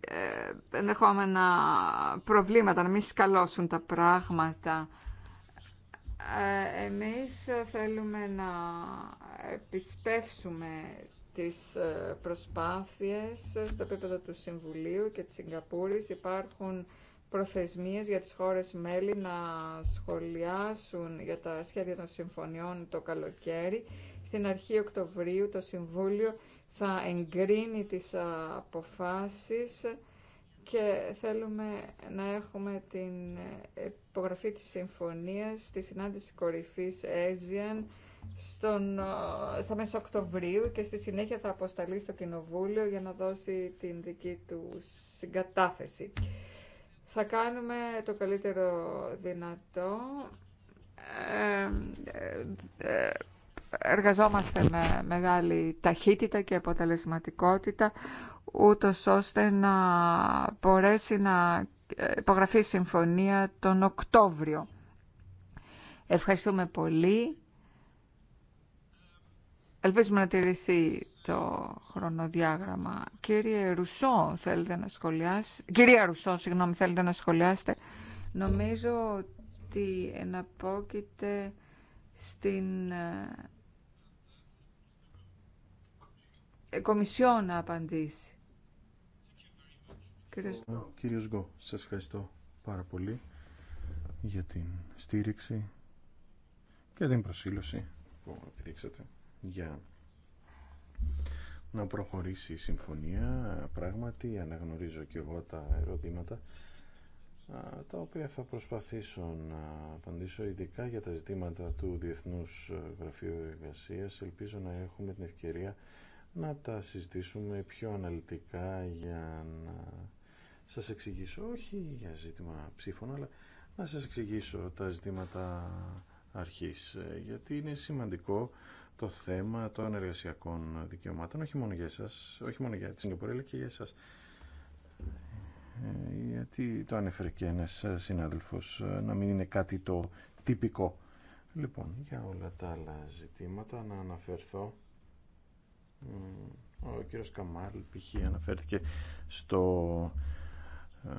ε, ενδεχόμενα προβλήματα, να μην σκαλώσουν τα πράγματα. Ε, εμείς θέλουμε να επισπεύσουμε τις ε, προσπάθειες στο επίπεδο του Συμβουλίου και της Συγκαπούρης. Υπάρχουν προθεσμίες για τις χώρες μέλη να σχολιάσουν για τα σχέδια των συμφωνιών το καλοκαίρι. Στην αρχή Οκτωβρίου το Συμβούλιο θα εγκρίνει τις αποφάσεις και θέλουμε να έχουμε την υπογραφή της συμφωνίας στη συνάντηση κορυφής ΕΖΙΑΝ στον, στα μέσα Οκτωβρίου και στη συνέχεια θα αποσταλεί στο Κοινοβούλιο για να δώσει την δική του συγκατάθεση. Θα κάνουμε το καλύτερο δυνατό. Ε, ε, ε, εργαζόμαστε με μεγάλη ταχύτητα και αποτελεσματικότητα, ούτως ώστε να μπορέσει να υπογραφεί συμφωνία τον Οκτώβριο. Ευχαριστούμε πολύ. Ελπίζουμε να τηρηθεί το χρονοδιάγραμμα. Κύριε Ρουσό, θέλετε να σχολιάσετε. Κυρία Ρουσό, συγγνώμη, θέλετε να σχολιάσετε. Νομίζω ότι εναπόκειται στην ε, Κομισιό να απαντήσει. Κύριος... Γκο, σας ευχαριστώ πάρα πολύ για την στήριξη και την προσήλωση που επιδείξατε για να προχωρήσει η συμφωνία. Πράγματι αναγνωρίζω και εγώ τα ερωτήματα τα οποία θα προσπαθήσω να απαντήσω ειδικά για τα ζητήματα του Διεθνούς Γραφείου Εργασία. Ελπίζω να έχουμε την ευκαιρία να τα συζητήσουμε πιο αναλυτικά για να σας εξηγήσω, όχι για ζήτημα ψήφων, αλλά να σας εξηγήσω τα ζητήματα αρχής, ε, γιατί είναι σημαντικό το θέμα των εργασιακών δικαιωμάτων, όχι μόνο για εσάς, όχι μόνο για τη Σιγκαπούρη, αλλά και για εσάς. Ε, γιατί το ανέφερε και ένας συνάδελφος, να μην είναι κάτι το τυπικό. Λοιπόν, για όλα τα άλλα ζητήματα να αναφερθώ. Ο κύριος Καμάλ π.χ. αναφέρθηκε στο ε,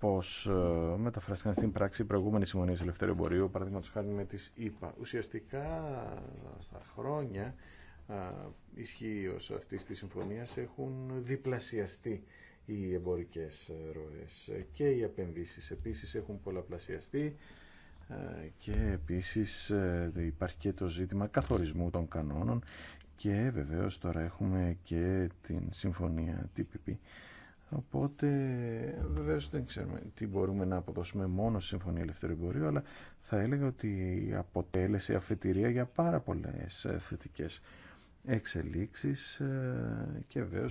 πώς ε, μεταφράστηκαν στην πράξη οι προηγούμενες συμφωνίε ελευθερίου εμπορίου, παραδείγματο χάρη με τις ΗΠΑ. Ουσιαστικά στα χρόνια ε, ισχύω αυτή τη συμφωνία έχουν διπλασιαστεί οι εμπορικέ ε, ροές και οι επενδύσει επίσης έχουν πολλαπλασιαστεί και επίσης υπάρχει και το ζήτημα καθορισμού των κανόνων και βεβαίως τώρα έχουμε και την συμφωνία TPP Οπότε βεβαίως δεν ξέρουμε τι μπορούμε να αποδώσουμε μόνο στη Συμφωνία Ελευθερού Εμπορίου, αλλά θα έλεγα ότι αποτέλεσε αφετηρία για πάρα πολλές ε, θετικές εξελίξεις ε, και βεβαίω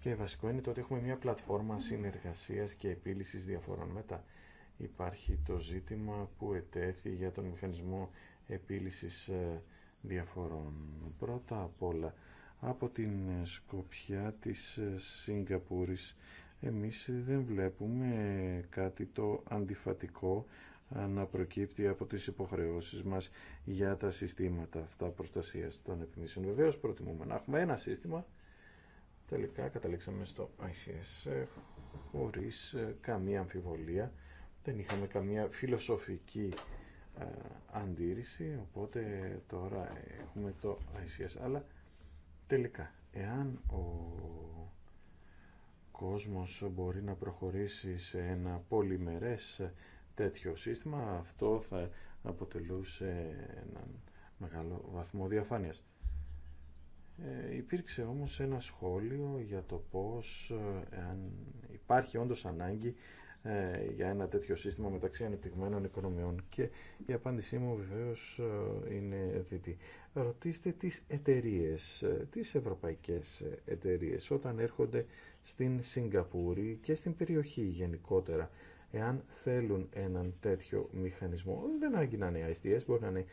και βασικό είναι το ότι έχουμε μια πλατφόρμα συνεργασίας και επίλυσης διαφορών. Μετά υπάρχει το ζήτημα που ετέθη για τον μηχανισμό επίλυσης ε, διαφορών. Πρώτα απ' όλα από την σκοπιά της Σιγκαπούρης εμείς δεν βλέπουμε κάτι το αντιφατικό να προκύπτει από τις υποχρεώσεις μας για τα συστήματα αυτά προστασίας των επιμήσεων. Βεβαίως προτιμούμε να έχουμε ένα σύστημα, τελικά καταλήξαμε στο ICS χωρίς ε, καμία αμφιβολία, δεν είχαμε καμία φιλοσοφική ε, αντίρρηση, οπότε τώρα έχουμε το ICS, αλλά Τελικά, εάν ο κόσμος μπορεί να προχωρήσει σε ένα πολυμερές τέτοιο σύστημα, αυτό θα αποτελούσε έναν μεγάλο βαθμό διαφάνειας. Ε, υπήρξε όμως ένα σχόλιο για το πώς, αν ε, υπάρχει όντως ανάγκη ε, για ένα τέτοιο σύστημα μεταξύ ανεπτυγμένων οικονομιών και η απάντησή μου βεβαίως ε, είναι δίτη. Ρωτήστε τις εταιρείες, ε, τις ευρωπαϊκές εταιρείες όταν έρχονται στην Σιγκαπούρη και στην περιοχή γενικότερα εάν θέλουν έναν τέτοιο μηχανισμό. Δεν αγγινάνε να είναι ISDS, μπορεί να είναι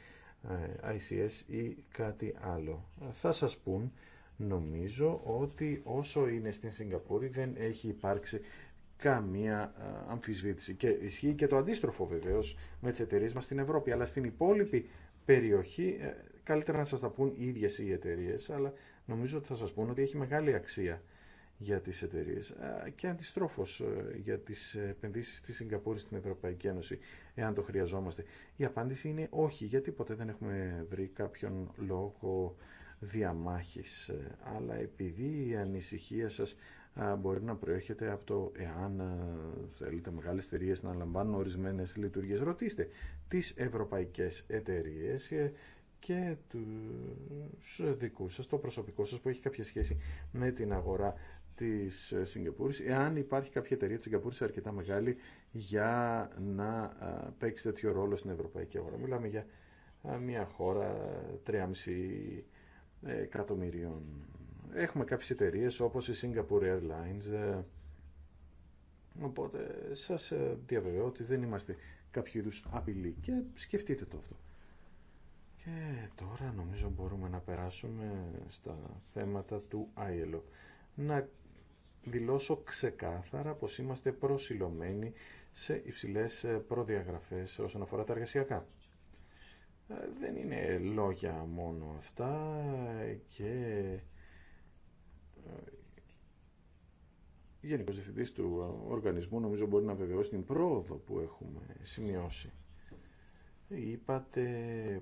ICS ή κάτι άλλο. Θα σας πούν νομίζω ότι όσο είναι στην Σιγκαπούρη δεν έχει υπάρξει καμία ε, αμφισβήτηση. Και ισχύει και το αντίστροφο βεβαίως με τις εταιρείε μας στην Ευρώπη, αλλά στην υπόλοιπη περιοχή ε, καλύτερα να σας τα πούν οι ίδιες οι εταιρείε, αλλά νομίζω ότι θα σας πούν ότι έχει μεγάλη αξία για τις εταιρείε ε, και αντιστρόφως για τις επενδύσεις της Σιγκαπούρη στην Ευρωπαϊκή Ένωση, εάν το χρειαζόμαστε. Η απάντηση είναι όχι, γιατί ποτέ δεν έχουμε βρει κάποιον λόγο διαμάχης, αλλά επειδή η ανησυχία σας μπορεί να προέρχεται από το εάν θέλετε μεγάλες εταιρείε να λαμβάνουν ορισμένες λειτουργίες. Ρωτήστε τις ευρωπαϊκές εταιρείε ε, και τους δικούς σας, το προσωπικό σας που έχει κάποια σχέση με την αγορά της Σιγκαπούρης, εάν υπάρχει κάποια εταιρεία της Σιγκαπούρης αρκετά μεγάλη για να παίξει τέτοιο ρόλο στην ευρωπαϊκή αγορά. Μιλάμε για μια χώρα 3,5 ε, εκατομμυρίων έχουμε κάποιες εταιρείε όπως η Singapore Airlines ε, οπότε σας ε, διαβεβαιώ ότι δεν είμαστε κάποιο είδους απειλή και σκεφτείτε το αυτό. Και τώρα νομίζω μπορούμε να περάσουμε στα θέματα του ILO. Να δηλώσω ξεκάθαρα πως είμαστε προσιλωμένοι σε υψηλές ε, προδιαγραφές όσον αφορά τα εργασιακά. Δεν είναι λόγια μόνο αυτά και ε, Γενικός Διευθυντής του οργανισμού νομίζω μπορεί να βεβαιώσει την πρόοδο που έχουμε σημειώσει. Είπατε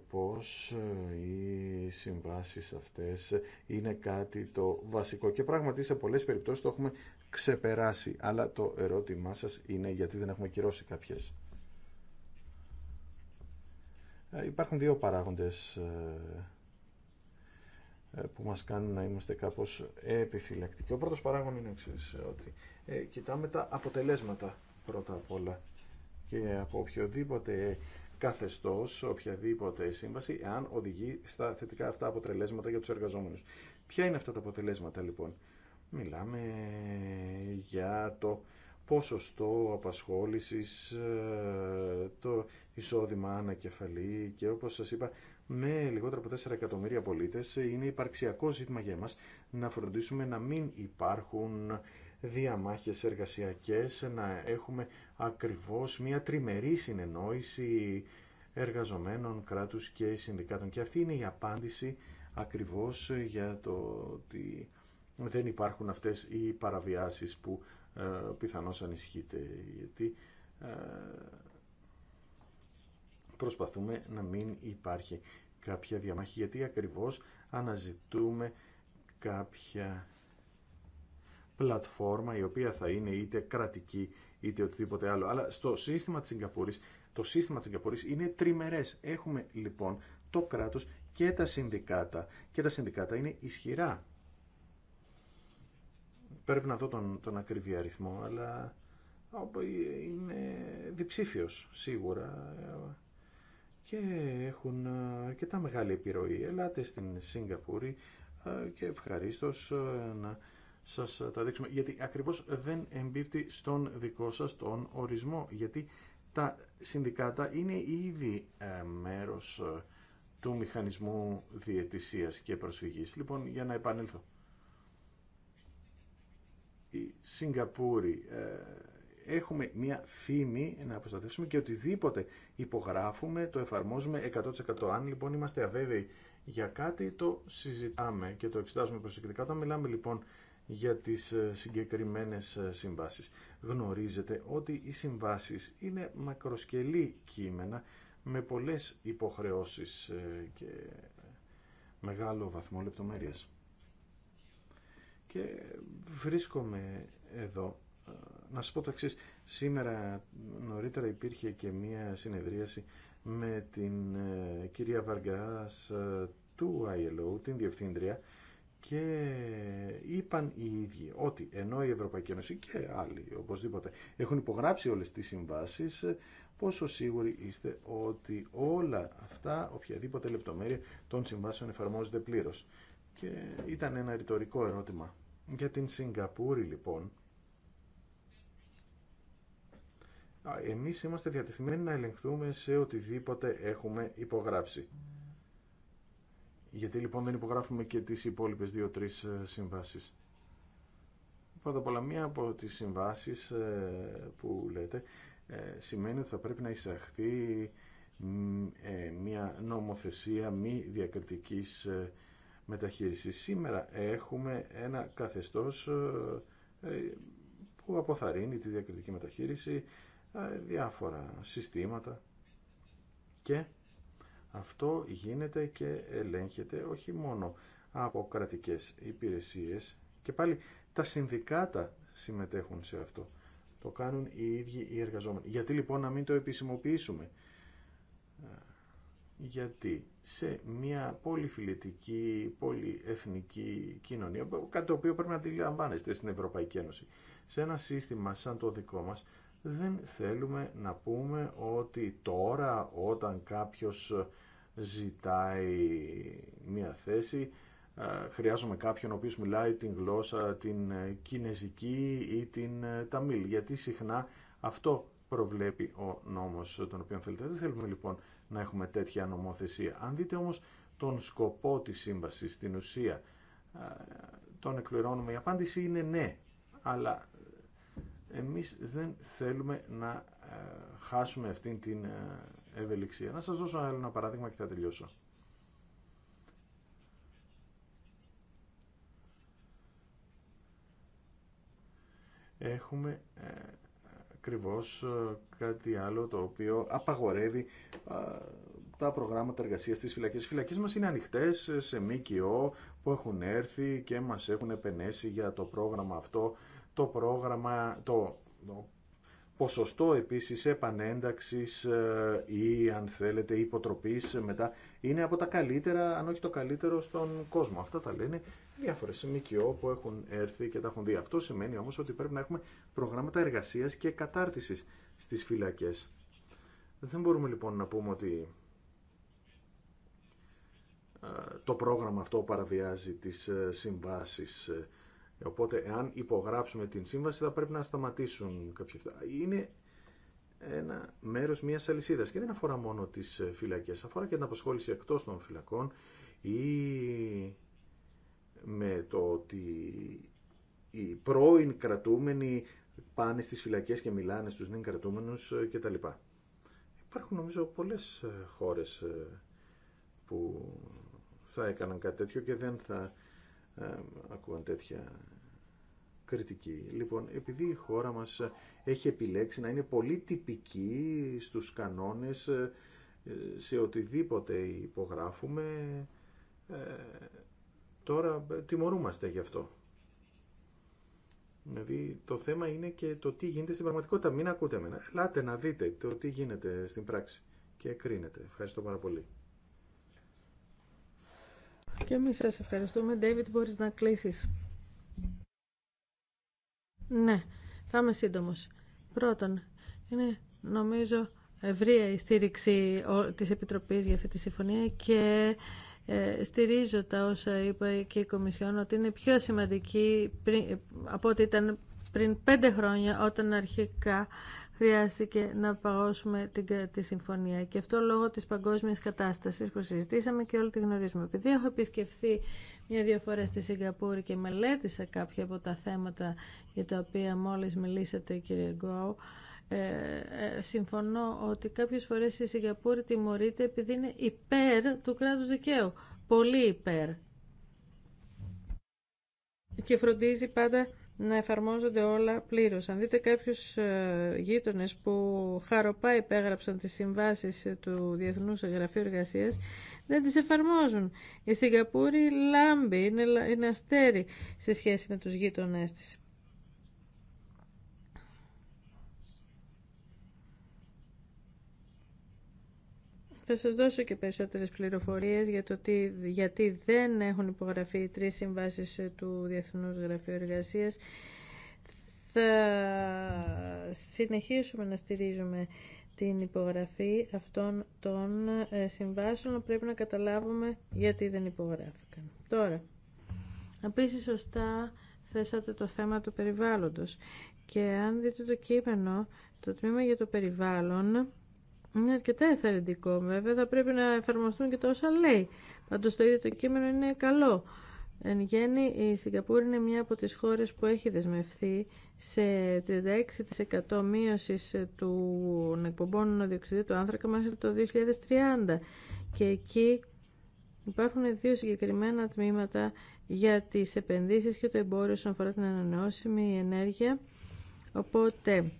πως ε, οι συμβάσεις αυτές είναι κάτι το βασικό και πράγματι σε πολλές περιπτώσεις το έχουμε ξεπεράσει. Αλλά το ερώτημά σας είναι γιατί δεν έχουμε κυρώσει κάποιες. Ε, υπάρχουν δύο παράγοντες ε, που μας κάνουν να είμαστε κάπως επιφυλακτικοί. Ο πρώτος παράγων είναι εξής, ότι ε, κοιτάμε τα αποτελέσματα πρώτα απ' όλα και από οποιοδήποτε καθεστώς, οποιαδήποτε σύμβαση, αν οδηγεί στα θετικά αυτά αποτελέσματα για τους εργαζόμενους. Ποια είναι αυτά τα αποτελέσματα λοιπόν. Μιλάμε για το ποσοστό απασχόλησης, ε, το εισόδημα ανακεφαλή και όπως σας είπα με λιγότερα από 4 εκατομμύρια πολίτες είναι υπαρξιακό ζήτημα για μας να φροντίσουμε να μην υπάρχουν διαμάχες εργασιακές, να έχουμε ακριβώς μια τριμερή συνεννόηση εργαζομένων, κράτους και συνδικάτων. Και αυτή είναι η απάντηση ακριβώς για το ότι δεν υπάρχουν αυτές οι παραβιάσεις που ε, πιθανώς Γιατί ε, προσπαθούμε να μην υπάρχει κάποια διαμάχη γιατί ακριβώς αναζητούμε κάποια πλατφόρμα η οποία θα είναι είτε κρατική είτε οτιδήποτε άλλο. Αλλά στο σύστημα της Συγκαπούρης, το σύστημα της Συγκαπούρης είναι τριμερές. Έχουμε λοιπόν το κράτος και τα συνδικάτα και τα συνδικάτα είναι ισχυρά. Πρέπει να δω τον, τον ακριβή αριθμό, αλλά ε, είναι διψήφιος σίγουρα ε, και έχουν ε, αρκετά μεγάλη επιρροή. Ελάτε στην Σιγκαπούρη ε, και ευχαρίστω ε, να σας τα δείξουμε. Γιατί ακριβώς δεν εμπίπτει στον δικό σας τον ορισμό. Γιατί τα συνδικάτα είναι ήδη μέρος του μηχανισμού διαιτησίας και προσφυγής. Λοιπόν, για να επανέλθω. Η Σιγκαπούρη έχουμε μια φήμη να προστατεύσουμε και οτιδήποτε υπογράφουμε το εφαρμόζουμε 100%. Αν λοιπόν είμαστε αβέβαιοι για κάτι το συζητάμε και το εξετάζουμε προσεκτικά. Όταν μιλάμε λοιπόν για τις ε, συγκεκριμένες ε, συμβάσεις. Γνωρίζετε ότι οι συμβάσεις είναι μακροσκελή κείμενα με πολλές υποχρεώσεις ε, και μεγάλο βαθμό λεπτομέρειας. Και βρίσκομαι εδώ να σας πω το εξής. Σήμερα νωρίτερα υπήρχε και μία συνεδρίαση με την ε, κυρία Βαργκάς ε, του ILO, την Διευθύντρια, και είπαν οι ίδιοι ότι ενώ η Ευρωπαϊκή Ένωση και άλλοι οπωσδήποτε έχουν υπογράψει όλες τις συμβάσεις, πόσο σίγουροι είστε ότι όλα αυτά, οποιαδήποτε λεπτομέρεια των συμβάσεων εφαρμόζεται πλήρως. Και ήταν ένα ρητορικό ερώτημα. Για την Σιγκαπούρη λοιπόν, εμείς είμαστε διατεθειμένοι να ελεγχθούμε σε οτιδήποτε έχουμε υπογράψει. Γιατί λοιπόν δεν υπογράφουμε και τις υπόλοιπες δύο-τρεις ε, συμβάσεις. Πρώτα απ' όλα μία από τις συμβάσεις ε, που λέτε ε, σημαίνει ότι θα πρέπει να εισαχθεί μία νομοθεσία μη διακριτικής μεταχείρισης. Σήμερα έχουμε ένα καθεστώς που αποθαρρύνει τη διακριτική μεταχείριση ε, διάφορα συστήματα και αυτό γίνεται και ελέγχεται όχι μόνο από κρατικές υπηρεσίες και πάλι τα συνδικάτα συμμετέχουν σε αυτό. Το κάνουν οι ίδιοι οι εργαζόμενοι. Γιατί λοιπόν να μην το επισημοποιήσουμε. Ε, γιατί σε μια πολυφιλετική, πολυεθνική κοινωνία, κάτι το οποίο πρέπει να αντιλαμβάνεστε στην Ευρωπαϊκή Ένωση, σε ένα σύστημα σαν το δικό μας, δεν θέλουμε να πούμε ότι τώρα όταν κάποιος ζητάει μία θέση ε, χρειάζομαι κάποιον ο οποίος μιλάει την γλώσσα την ε, κινέζικη ή την ε, ταμίλ γιατί συχνά αυτό προβλέπει ο νόμος τον οποίο θέλετε. Δεν θέλουμε λοιπόν να έχουμε τέτοια νομοθεσία. Αν δείτε όμως τον σκοπό της σύμβασης στην ουσία τον εκπληρώνουμε. Η απάντηση είναι ναι, αλλά εμείς δεν θέλουμε να ε, χάσουμε αυτήν την ε, ευελιξία. Να σας δώσω άλλο ένα παράδειγμα και θα τελειώσω. Έχουμε ε, ακριβώ κάτι άλλο το οποίο απαγορεύει τα προγράμματα εργασία τη φυλακή. Οι φυλακές μας είναι ανοιχτές σε ΜΚΟ που έχουν έρθει και μας έχουν επενέσει για το πρόγραμμα αυτό το πρόγραμμα, το, ποσοστό επίσης επανένταξης ε, ή αν θέλετε υποτροπής μετά είναι από τα καλύτερα, αν όχι το καλύτερο στον κόσμο. Αυτά τα λένε διάφορες ΜΚΟ που έχουν έρθει και τα έχουν δει. Αυτό σημαίνει όμως ότι πρέπει να έχουμε προγράμματα εργασίας και κατάρτισης στις φυλακές. Δεν μπορούμε λοιπόν να πούμε ότι ε, το πρόγραμμα αυτό παραβιάζει τις ε, συμβάσεις Οπότε, εάν υπογράψουμε την σύμβαση, θα πρέπει να σταματήσουν κάποια αυτά. Είναι ένα μέρο μια αλυσίδα και δεν αφορά μόνο τι ε, φυλακέ, αφορά και την απασχόληση εκτό των φυλακών ή με το ότι οι πρώην κρατούμενοι πάνε στις φυλακές και μιλάνε στους νυν κρατούμενους ε, κτλ. Υπάρχουν νομίζω πολλές ε, χώρες που θα έκαναν κάτι τέτοιο και δεν θα ακούγαν τέτοια κριτική. Λοιπόν, επειδή η χώρα μας έχει επιλέξει να είναι πολύ τυπική στους κανόνες ε, σε οτιδήποτε υπογράφουμε, ε, τώρα ε, τιμωρούμαστε γι' αυτό. Δηλαδή το θέμα είναι και το τι γίνεται στην πραγματικότητα. Μην ακούτε εμένα. Λάτε να δείτε το τι γίνεται στην πράξη και κρίνετε. Ευχαριστώ πάρα πολύ. Και εμείς σας ευχαριστούμε. David, μπορείς να κλείσεις. Ναι, θα είμαι σύντομος. Πρώτον, είναι νομίζω ευρία η στήριξη της Επιτροπής για αυτή τη συμφωνία και ε, στηρίζω τα όσα είπα και η Κομισιόν ότι είναι πιο σημαντική από ό,τι ήταν πριν πέντε χρόνια όταν αρχικά χρειάστηκε να παγώσουμε τη συμφωνία. Και αυτό λόγω της παγκόσμιας κατάστασης που συζητήσαμε και όλοι τη γνωρίζουμε. Επειδή έχω επισκεφθεί μια-δύο φορές στη Σιγκαπούρη και μελέτησα κάποια από τα θέματα για τα οποία μόλις μιλήσατε κύριε Γκουάου, ε, ε, συμφωνώ ότι κάποιες φορές η Σιγκαπούρη τιμωρείται επειδή είναι υπέρ του κράτους δικαίου. Πολύ υπέρ. Και φροντίζει πάντα να εφαρμόζονται όλα πλήρως. Αν δείτε κάποιους ε, γείτονες που χαροπά υπέγραψαν τις συμβάσεις του Διεθνούς Γραφείου Εργασίας, δεν τις εφαρμόζουν. Η Σιγκαπούρη λάμπει, είναι αστέρι σε σχέση με τους γείτονές της. Θα σας δώσω και περισσότερες πληροφορίες για γιατί δεν έχουν υπογραφεί οι τρεις συμβάσεις του Διεθνούς Γραφείου Εργασίας. Θα συνεχίσουμε να στηρίζουμε την υπογραφή αυτών των ε, συμβάσεων. Πρέπει να καταλάβουμε γιατί δεν υπογράφηκαν. Τώρα, επίσης σωστά θέσατε το θέμα του περιβάλλοντος. Και αν δείτε το κείμενο, το τμήμα για το περιβάλλον είναι αρκετά εθαρρυντικό βέβαια, θα πρέπει να εφαρμοστούν και τα όσα λέει. Πάντως το ίδιο το κείμενο είναι καλό. Εν γέννη, η Σιγκαπούρη είναι μία από τις χώρες που έχει δεσμευθεί σε 36% μείωση των εκπομπών διοξιδίου του άνθρακα μέχρι το 2030. Και εκεί υπάρχουν δύο συγκεκριμένα τμήματα για τις επενδύσεις και το εμπόριο όσον αφορά την ανανεώσιμη ενέργεια. Οπότε...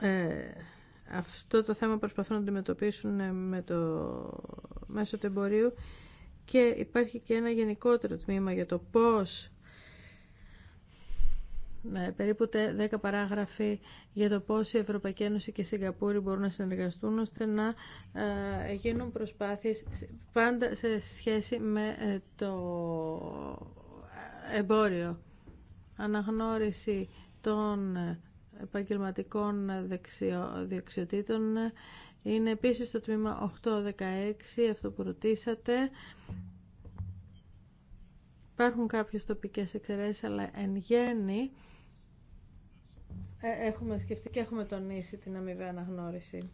Ε, αυτό το θέμα προσπαθούν να αντιμετωπίσουν ε, με το, μέσο του εμπορίου και υπάρχει και ένα γενικότερο τμήμα για το πώς ε, περίπου 10 παράγραφοι για το πώς η Ευρωπαϊκή Ένωση και η Σιγκαπούρη μπορούν να συνεργαστούν ώστε να ε, γίνουν προσπάθειες πάντα σε σχέση με το εμπόριο. Αναγνώριση των επαγγελματικών δεξιοτήτων είναι επίσης στο τμήμα 816, αυτό που ρωτήσατε. Υπάρχουν κάποιες τοπικές εξαιρέσεις, αλλά εν γέννη ε, έχουμε σκεφτεί και έχουμε τονίσει την αμοιβαία αναγνώριση.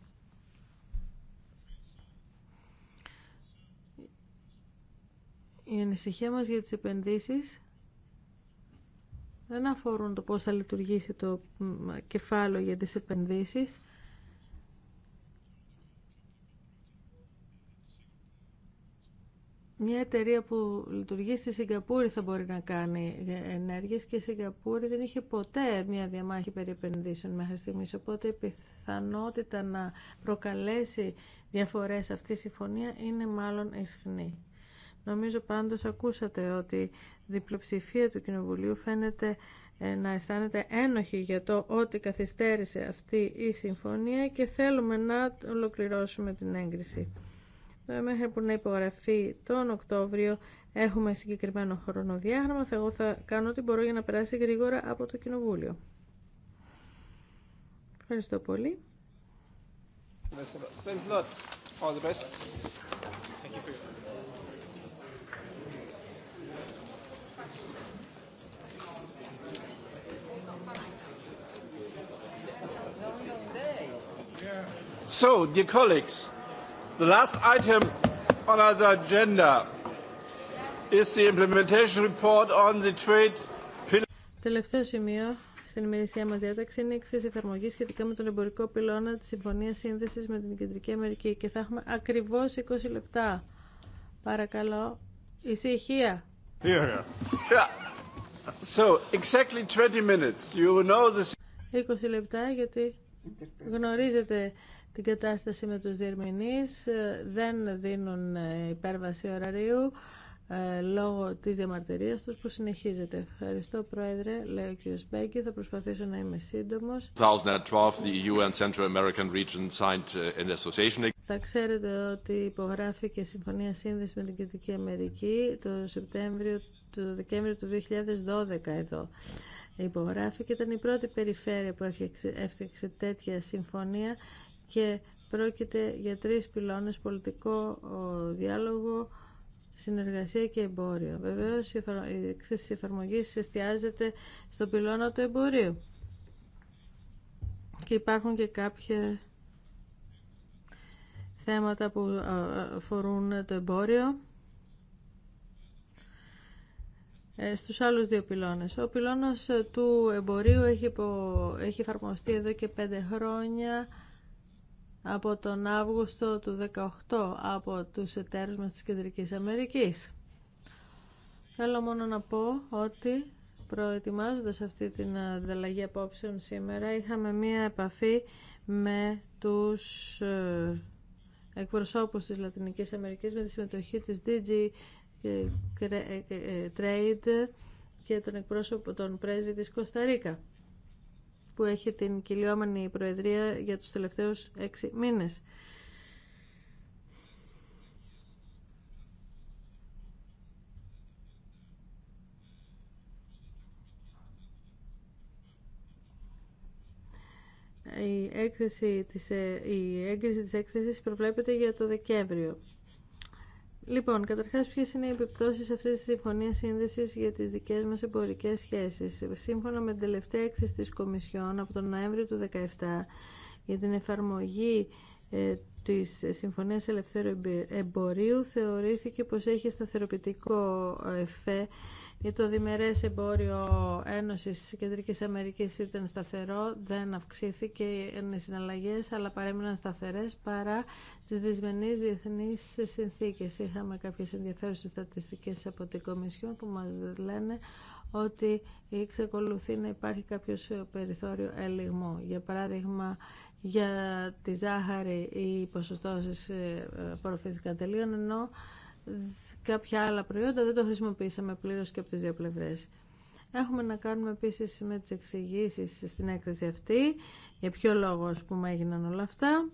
Η ανησυχία μας για τις επενδύσεις δεν αφορούν το πώς θα λειτουργήσει το κεφάλαιο για τις επενδύσεις. Μια εταιρεία που λειτουργεί στη Σιγκαπούρη θα μπορεί να κάνει ενέργειες και η Σιγκαπούρη δεν είχε ποτέ μια διαμάχη περί επενδύσεων μέχρι στιγμής, οπότε η πιθανότητα να προκαλέσει διαφορές αυτή η συμφωνία είναι μάλλον ισχνή. Νομίζω πάντως ακούσατε ότι η διπλοψηφία του Κοινοβουλίου φαίνεται ε, να αισθάνεται ένοχη για το ότι καθυστέρησε αυτή η συμφωνία και θέλουμε να ολοκληρώσουμε την έγκριση. Ε, μέχρι που να υπογραφεί τον Οκτώβριο έχουμε συγκεκριμένο χρονοδιάγραμμα. Εγώ θα κάνω ό,τι μπορώ για να περάσει γρήγορα από το Κοινοβούλιο. Ευχαριστώ πολύ. So, dear colleagues, the last item on our agenda is the implementation report on the trade Τελευταίο σημείο στην ημερησία μας διάταξη είναι η εκθέση εφαρμογή σχετικά με τον εμπορικό πυλώνα της Συμφωνίας σύνθεσης με την Κεντρική Αμερική και θα έχουμε ακριβώς 20 λεπτά. Παρακαλώ, ησυχία. Yeah. Yeah. So, exactly 20 minutes. You know this... 20 λεπτά γιατί γνωρίζετε την κατάσταση με τους διερμηνείς. Ε, δεν δίνουν ε, υπέρβαση ωραρίου ε, λόγω της διαμαρτυρίας τους που συνεχίζεται. Ευχαριστώ Πρόεδρε, λέει ο κ. Μπέγκη, θα προσπαθήσω να είμαι σύντομος. Θα ξέρετε ότι υπογράφηκε συμφωνία σύνδεση με την Κεντρική Αμερική το Σεπτέμβριο, το Δεκέμβριο του 2012 εδώ. Υπογράφηκε, ήταν η πρώτη περιφέρεια που έφτιαξε τέτοια συμφωνία και πρόκειται για τρεις πυλώνες πολιτικό διάλογο, συνεργασία και εμπόριο. Βεβαίως η εκθέση εφαρμογής εστιάζεται στο πυλώνα του εμπορίου. Και υπάρχουν και κάποια θέματα που αφορούν το εμπόριο ε, στους άλλους δύο πυλώνες. Ο πυλώνας του εμπορίου έχει, έχει εφαρμοστεί εδώ και πέντε χρόνια από τον Αύγουστο του 18 από τους εταίρους μας της Κεντρικής Αμερικής. Θέλω μόνο να πω ότι προετοιμάζοντας αυτή την ανταλλαγή απόψεων σήμερα είχαμε μία επαφή με τους ε, εκπροσώπους της Λατινικής Αμερικής με τη συμμετοχή της DG ε, ε, Trade και τον εκπρόσωπο των πρέσβη της Κωνσταντίνα που έχει την κυλιόμενη Προεδρία για τους τελευταίους έξι μήνες. Η, έκθεση, ε, η έγκριση της έκθεσης προβλέπεται για το Δεκέμβριο. Λοιπόν, καταρχάς ποιες είναι οι επιπτώσεις αυτής της συμφωνίας σύνδεσης για τις δικές μας εμπορικές σχέσεις. Σύμφωνα με την τελευταία έκθεση της Κομισιόν από τον Νοέμβριο του 2017 για την εφαρμογή ε, της Συμφωνίας Ελευθέρου Εμπορίου θεωρήθηκε πως έχει σταθεροποιητικό ε, εφέ για το διμερές εμπόριο Ένωσης Κεντρικής Αμερικής ήταν σταθερό, δεν αυξήθηκε οι συναλλαγές, αλλά παρέμειναν σταθερές παρά τις δυσμενείς διεθνείς συνθήκες. Είχαμε κάποιες ενδιαφέρουσες στατιστικές από την Κομισιόν που μας λένε ότι εξακολουθεί να υπάρχει κάποιο περιθώριο ελιγμού. Για παράδειγμα, για τη ζάχαρη οι ποσοστώσεις ε, απορροφήθηκαν τελείων, ενώ κάποια άλλα προϊόντα δεν το χρησιμοποίησαμε πλήρως και από τις δύο πλευρές. Έχουμε να κάνουμε επίση με τις εξηγήσει στην έκθεση αυτή, για ποιο λόγο ας πούμε έγιναν όλα αυτά.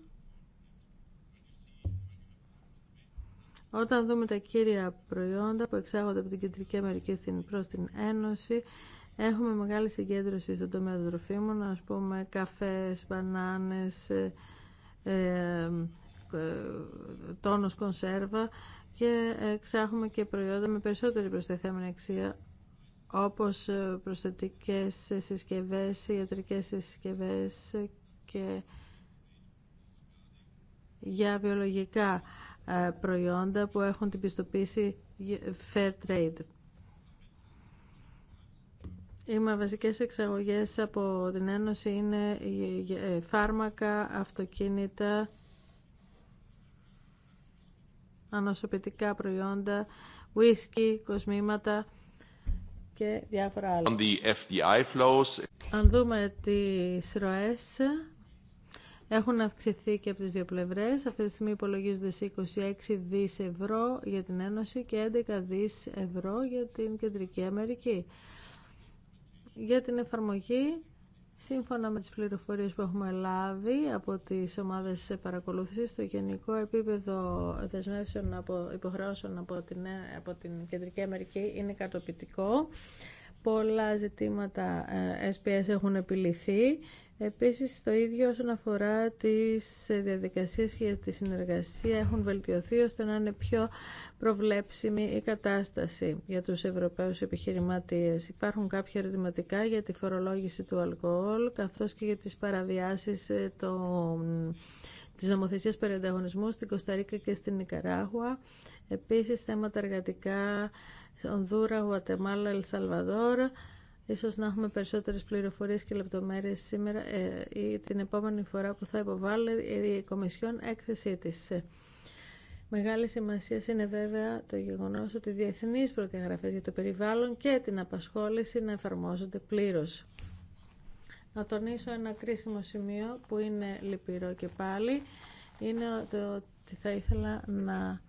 Όταν δούμε τα κύρια προϊόντα που εξάγονται από την Κεντρική Αμερική προς την Ένωση, έχουμε μεγάλη συγκέντρωση στον τομέα των τροφίμων, ας πούμε καφές, μπανάνες, ε, ε, ε τόνος κονσέρβα και εξάγουμε και προϊόντα με περισσότερη προστιθέμενη αξία όπως ε, προσθετικές ε, συσκευές, ιατρικές συσκευές ε, και για βιολογικά προϊόντα που έχουν την πιστοποίηση Fair Trade. Οι βασικές εξαγωγές από την Ένωση είναι φάρμακα, αυτοκίνητα, ανοσοποιητικά προϊόντα, ουίσκι, κοσμήματα και διάφορα άλλα. On the FDI flows. Αν δούμε τις ροές, έχουν αυξηθεί και από τις δύο πλευρές. Αυτή τη στιγμή υπολογίζονται σε 26 δις ευρώ για την Ένωση και 11 δις ευρώ για την Κεντρική Αμερική. Για την εφαρμογή Σύμφωνα με τις πληροφορίες που έχουμε λάβει από τις ομάδες παρακολούθησης, το γενικό επίπεδο δεσμεύσεων από, υποχρεώσεων από την, από την Κεντρική Αμερική είναι κατοπιτικό. Πολλά ζητήματα SPS ε, έχουν επιληθεί Επίσης, το ίδιο όσον αφορά τις ε, διαδικασίες για τη συνεργασία έχουν βελτιωθεί ώστε να είναι πιο προβλέψιμη η κατάσταση για τους Ευρωπαίους επιχειρηματίες. Υπάρχουν κάποια ερωτηματικά για τη φορολόγηση του αλκοόλ καθώς και για τις παραβιάσεις ε, των... της περί ανταγωνισμού στην Κωνσταντίνα και στην Νικαράγουα. Επίσης, θέματα εργατικά Ονδούρα, Γουατεμάλα, Ελσαλβαδόρ Ίσως να έχουμε περισσότερες πληροφορίες και λεπτομέρειες σήμερα ε, ή την επόμενη φορά που θα υποβάλλει η Κομισιόν έκθεσή της. Μεγάλη σημασία είναι βέβαια το γεγονός ότι οι διεθνείς προδιαγραφές για το περιβάλλον και την απασχόληση να εφαρμόζονται πλήρως. Να τονίσω ένα κρίσιμο σημείο που είναι λυπηρό και πάλι, είναι το ότι θα ήθελα να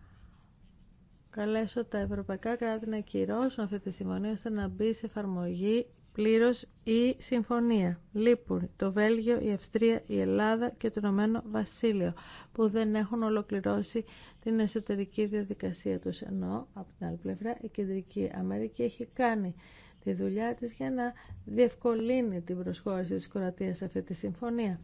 καλέσω τα ευρωπαϊκά κράτη να κυρώσουν αυτή τη συμφωνία ώστε να μπει σε εφαρμογή πλήρως η συμφωνία. Λείπουν το Βέλγιο, η Αυστρία, η Ελλάδα και το Ηνωμένο Βασίλειο που δεν έχουν ολοκληρώσει την εσωτερική διαδικασία τους. Ενώ από την άλλη πλευρά η Κεντρική Αμερική έχει κάνει τη δουλειά της για να διευκολύνει την προσχώρηση της Κροατίας σε αυτή τη συμφωνία.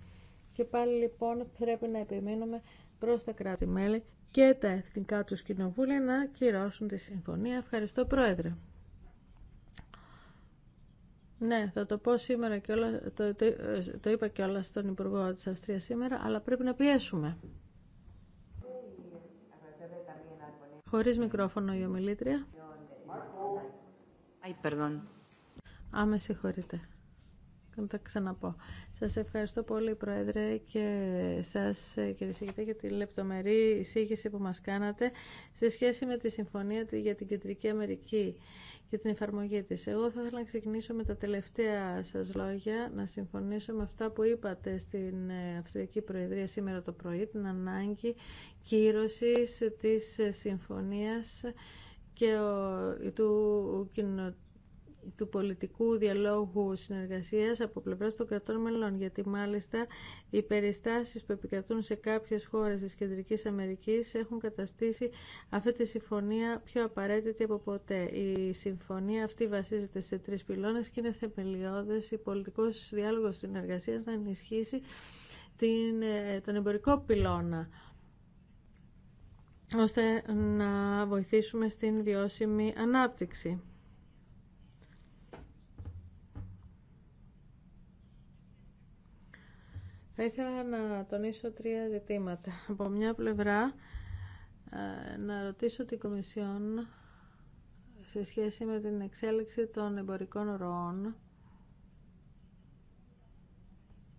Και πάλι λοιπόν πρέπει να επιμείνουμε προς τα κράτη-μέλη και τα εθνικά τους κοινοβούλια να κυρώσουν τη συμφωνία. Ευχαριστώ Πρόεδρε. Ναι, θα το πω σήμερα και όλα, το, είπα και όλα στον Υπουργό της Αυστρίας σήμερα, αλλά πρέπει να πιέσουμε. Χωρίς μικρόφωνο η ομιλήτρια. Άμεση perdón να τα ξαναπώ. Σας ευχαριστώ πολύ Πρόεδρε και σας ε, κύριε Συγητή, για τη λεπτομερή εισήγηση που μας κάνατε σε σχέση με τη Συμφωνία για την Κεντρική Αμερική και την εφαρμογή της. Εγώ θα ήθελα να ξεκινήσω με τα τελευταία σας λόγια, να συμφωνήσω με αυτά που είπατε στην ε, Αυστριακή Προεδρία σήμερα το πρωί, την ανάγκη κύρωση της ε, συμφωνίας και του του πολιτικού διαλόγου συνεργασίας από πλευρά των κρατών μελών, γιατί μάλιστα οι περιστάσεις που επικρατούν σε κάποιες χώρες της Κεντρικής Αμερικής έχουν καταστήσει αυτή τη συμφωνία πιο απαραίτητη από ποτέ. Η συμφωνία αυτή βασίζεται σε τρεις πυλώνες και είναι θεμελιώδες η πολιτικός διάλογος συνεργασίας να ενισχύσει την, ε, τον εμπορικό πυλώνα ώστε να βοηθήσουμε στην βιώσιμη ανάπτυξη. Θα ήθελα να τονίσω τρία ζητήματα. Από μια πλευρά, ε, να ρωτήσω την Κομισιόν σε σχέση με την εξέλιξη των εμπορικών ροών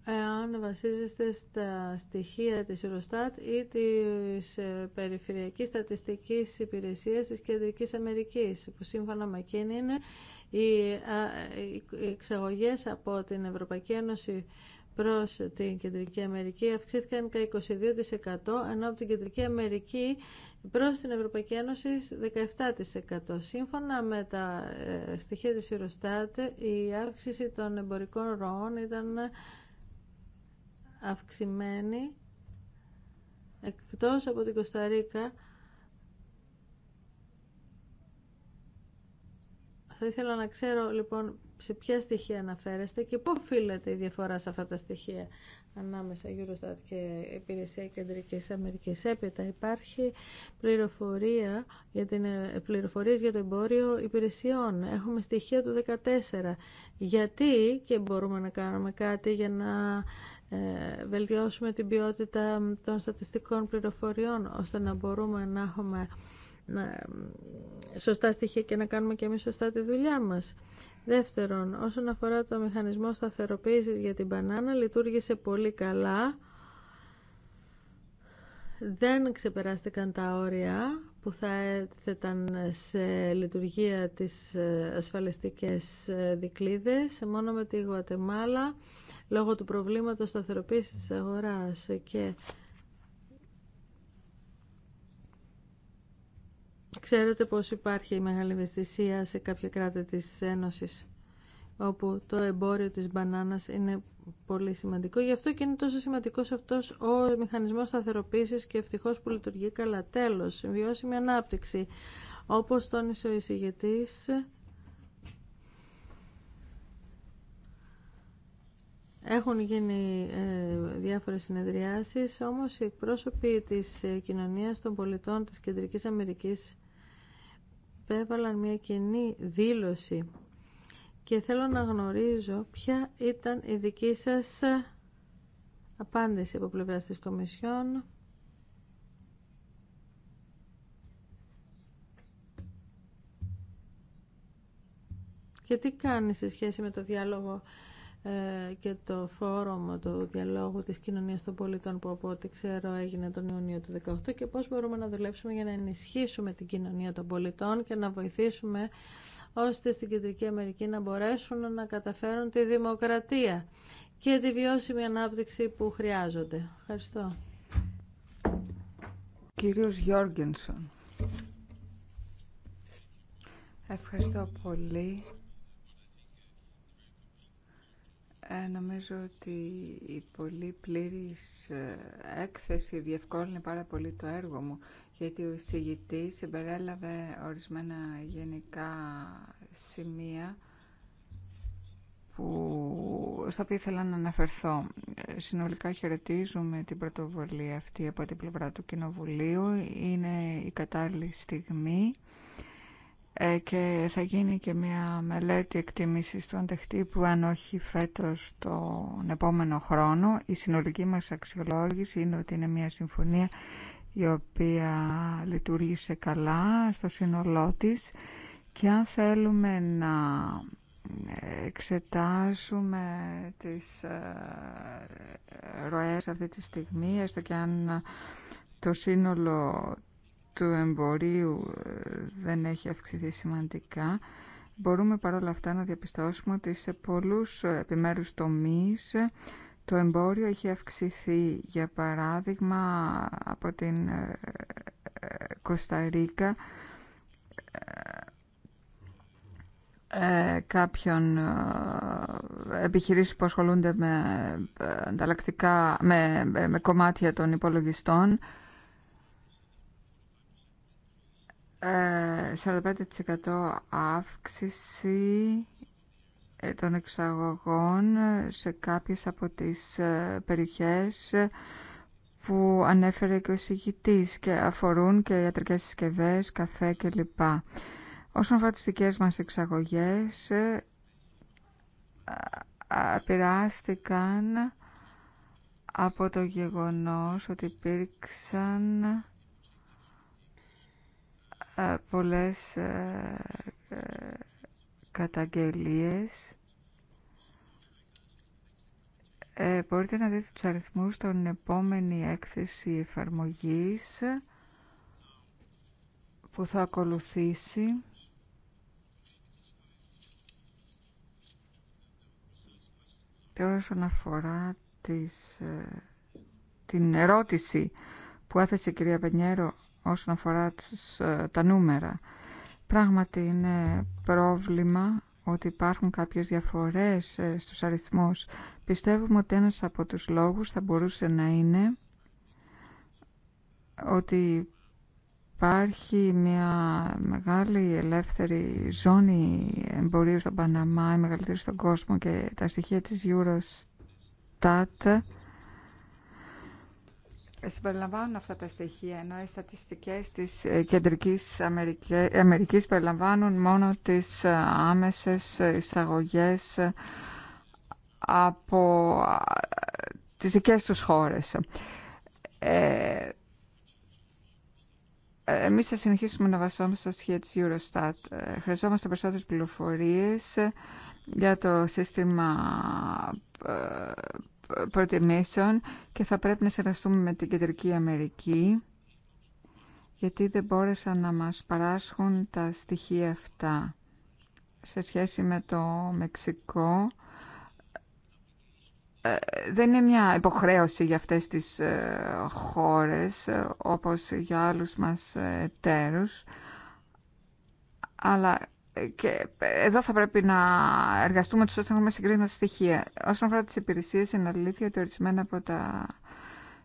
εάν βασίζεστε στα στοιχεία της Eurostat ή της ε, Περιφερειακής Στατιστικής Υπηρεσίας της Κεντρικής Αμερικής, που σύμφωνα με εκείνη είναι ε, οι εξαγωγές από την Ευρωπαϊκή Ένωση προς την Κεντρική Αμερική αυξήθηκαν κατά 22% ενώ από την Κεντρική Αμερική προς την Ευρωπαϊκή Ένωση 17%. Σύμφωνα με τα ε, στοιχεία της Eurostat, η αύξηση των εμπορικών ροών ήταν αυξημένη εκτός από την Κωνσταντίνα. Θα ήθελα να ξέρω λοιπόν σε ποια στοιχεία αναφέρεστε και πού οφείλεται η διαφορά σε αυτά τα στοιχεία ανάμεσα Eurostat και Υπηρεσία Κεντρική Αμερική. Έπειτα υπάρχει πληροφορία για την, πληροφορίες για το εμπόριο υπηρεσιών. Έχουμε στοιχεία του 2014. Γιατί και μπορούμε να κάνουμε κάτι για να ε, βελτιώσουμε την ποιότητα των στατιστικών πληροφοριών ώστε να μπορούμε να έχουμε σωστά στοιχεία και να κάνουμε και εμείς σωστά τη δουλειά μας. Δεύτερον, όσον αφορά το μηχανισμό σταθεροποίησης για την μπανάνα, λειτουργήσε πολύ καλά. Δεν ξεπεράστηκαν τα όρια που θα έθεταν σε λειτουργία τις ε, ασφαλιστικές ε, δικλίδες, μόνο με τη Γουατεμάλα, λόγω του προβλήματος σταθεροποίησης της αγοράς και Ξέρετε πως υπάρχει μεγάλη ευαισθησία σε κάποια κράτη της Ένωσης όπου το εμπόριο της μπανάνας είναι πολύ σημαντικό. Γι' αυτό και είναι τόσο σημαντικός αυτός ο μηχανισμός σταθεροποίησης και ευτυχώς που λειτουργεί καλά. Τέλος, βιώσιμη ανάπτυξη. Όπως τόνισε ο εισηγητής, Έχουν γίνει ε, διάφορες συνεδριάσεις, όμως οι εκπρόσωποι της ε, κοινωνίας των πολιτών της Κεντρικής Αμερικής υπέβαλαν μια κοινή δήλωση και θέλω να γνωρίζω ποια ήταν η δική σας απάντηση από πλευρά της Κομισιόν. Και τι κάνει σε σχέση με το διάλογο ε, και το φόρουμ του διαλόγου της κοινωνίας των πολιτών που από ό,τι ξέρω έγινε τον Ιούνιο του 2018 και πώς μπορούμε να δουλέψουμε για να ενισχύσουμε την κοινωνία των πολιτών και να βοηθήσουμε ώστε στην Κεντρική Αμερική να μπορέσουν να καταφέρουν τη δημοκρατία και τη βιώσιμη ανάπτυξη που χρειάζονται. Ευχαριστώ. Κύριος Γιώργενσον. Ευχαριστώ πολύ. Ε, νομίζω ότι η πολύ πλήρης ε, έκθεση διευκόλυνε πάρα πολύ το έργο μου γιατί ο εισηγητής συμπερέλαβε ορισμένα γενικά σημεία που, στα οποία ήθελα να αναφερθώ. Ε, συνολικά χαιρετίζουμε την πρωτοβουλία αυτή από την πλευρά του Κοινοβουλίου. Είναι η κατάλληλη στιγμή ε, και θα γίνει και μια μελέτη εκτίμησης του αντεχτύπου αν όχι φέτος τον επόμενο χρόνο. Η συνολική μας αξιολόγηση είναι ότι είναι μια συμφωνία η οποία λειτουργήσε καλά στο σύνολό της και αν θέλουμε να εξετάσουμε τις ε, ροές αυτή τη στιγμή, έστω και αν το σύνολο του εμπορίου ε, δεν έχει αυξηθεί σημαντικά, μπορούμε παρόλα αυτά να διαπιστώσουμε ότι σε πολλούς ε, επιμέρους τομείς ε, το εμπόριο έχει αυξηθεί. Για παράδειγμα, από την Κωνσταντίνα κάποιον επιχειρήσεων που ασχολούνται με, με, με κομμάτια των υπολογιστών 45% ε, αύξηση ε, των εξαγωγών σε κάποιες από τις ε, περιοχές που ανέφερε και ο εισηγητής και αφορούν και ιατρικές συσκευές, καφέ κλπ. Όσον αφορά τις δικές μας εξαγωγές, πειράστηκαν από το γεγονός ότι υπήρξαν ε, πολλές ε, ε, καταγγελίες. μπορείτε να δείτε τους αριθμούς στον επόμενη έκθεση εφαρμογής που θα ακολουθήσει. Τώρα όσον αφορά τις, την ερώτηση που έθεσε η κυρία Πενιέρο όσον αφορά τους, ε, τα νούμερα. Πράγματι είναι πρόβλημα ότι υπάρχουν κάποιες διαφορές ε, στους αριθμούς. Πιστεύουμε ότι ένας από τους λόγους θα μπορούσε να είναι ότι υπάρχει μια μεγάλη ελεύθερη ζώνη εμπορίου στον Παναμά, η μεγαλύτερη στον κόσμο και τα στοιχεία της Eurostat ε, συμπεριλαμβάνουν αυτά τα στοιχεία, ενώ οι στατιστικές της ε, Κεντρικής Αμερικής περιλαμβάνουν μόνο τις ε, άμεσες εισαγωγές από τις δικές τους χώρες. Ε, εμείς θα συνεχίσουμε να βασόμαστε στα σχέδια της Eurostat. Χρειαζόμαστε περισσότερες πληροφορίες για το σύστημα προτιμήσεων και θα πρέπει να συνεργαστούμε με την Κεντρική Αμερική γιατί δεν μπόρεσαν να μας παράσχουν τα στοιχεία αυτά. Σε σχέση με το Μεξικό, ε, δεν είναι μια υποχρέωση για αυτές τις ε, χώρες, ε, όπως για άλλους μας εταίρους, αλλά και ε, εδώ θα πρέπει να εργαστούμε τους ώστε να έχουμε στοιχεία. Όσον αφορά τις υπηρεσίες, είναι αλήθεια ότι ορισμένα από τα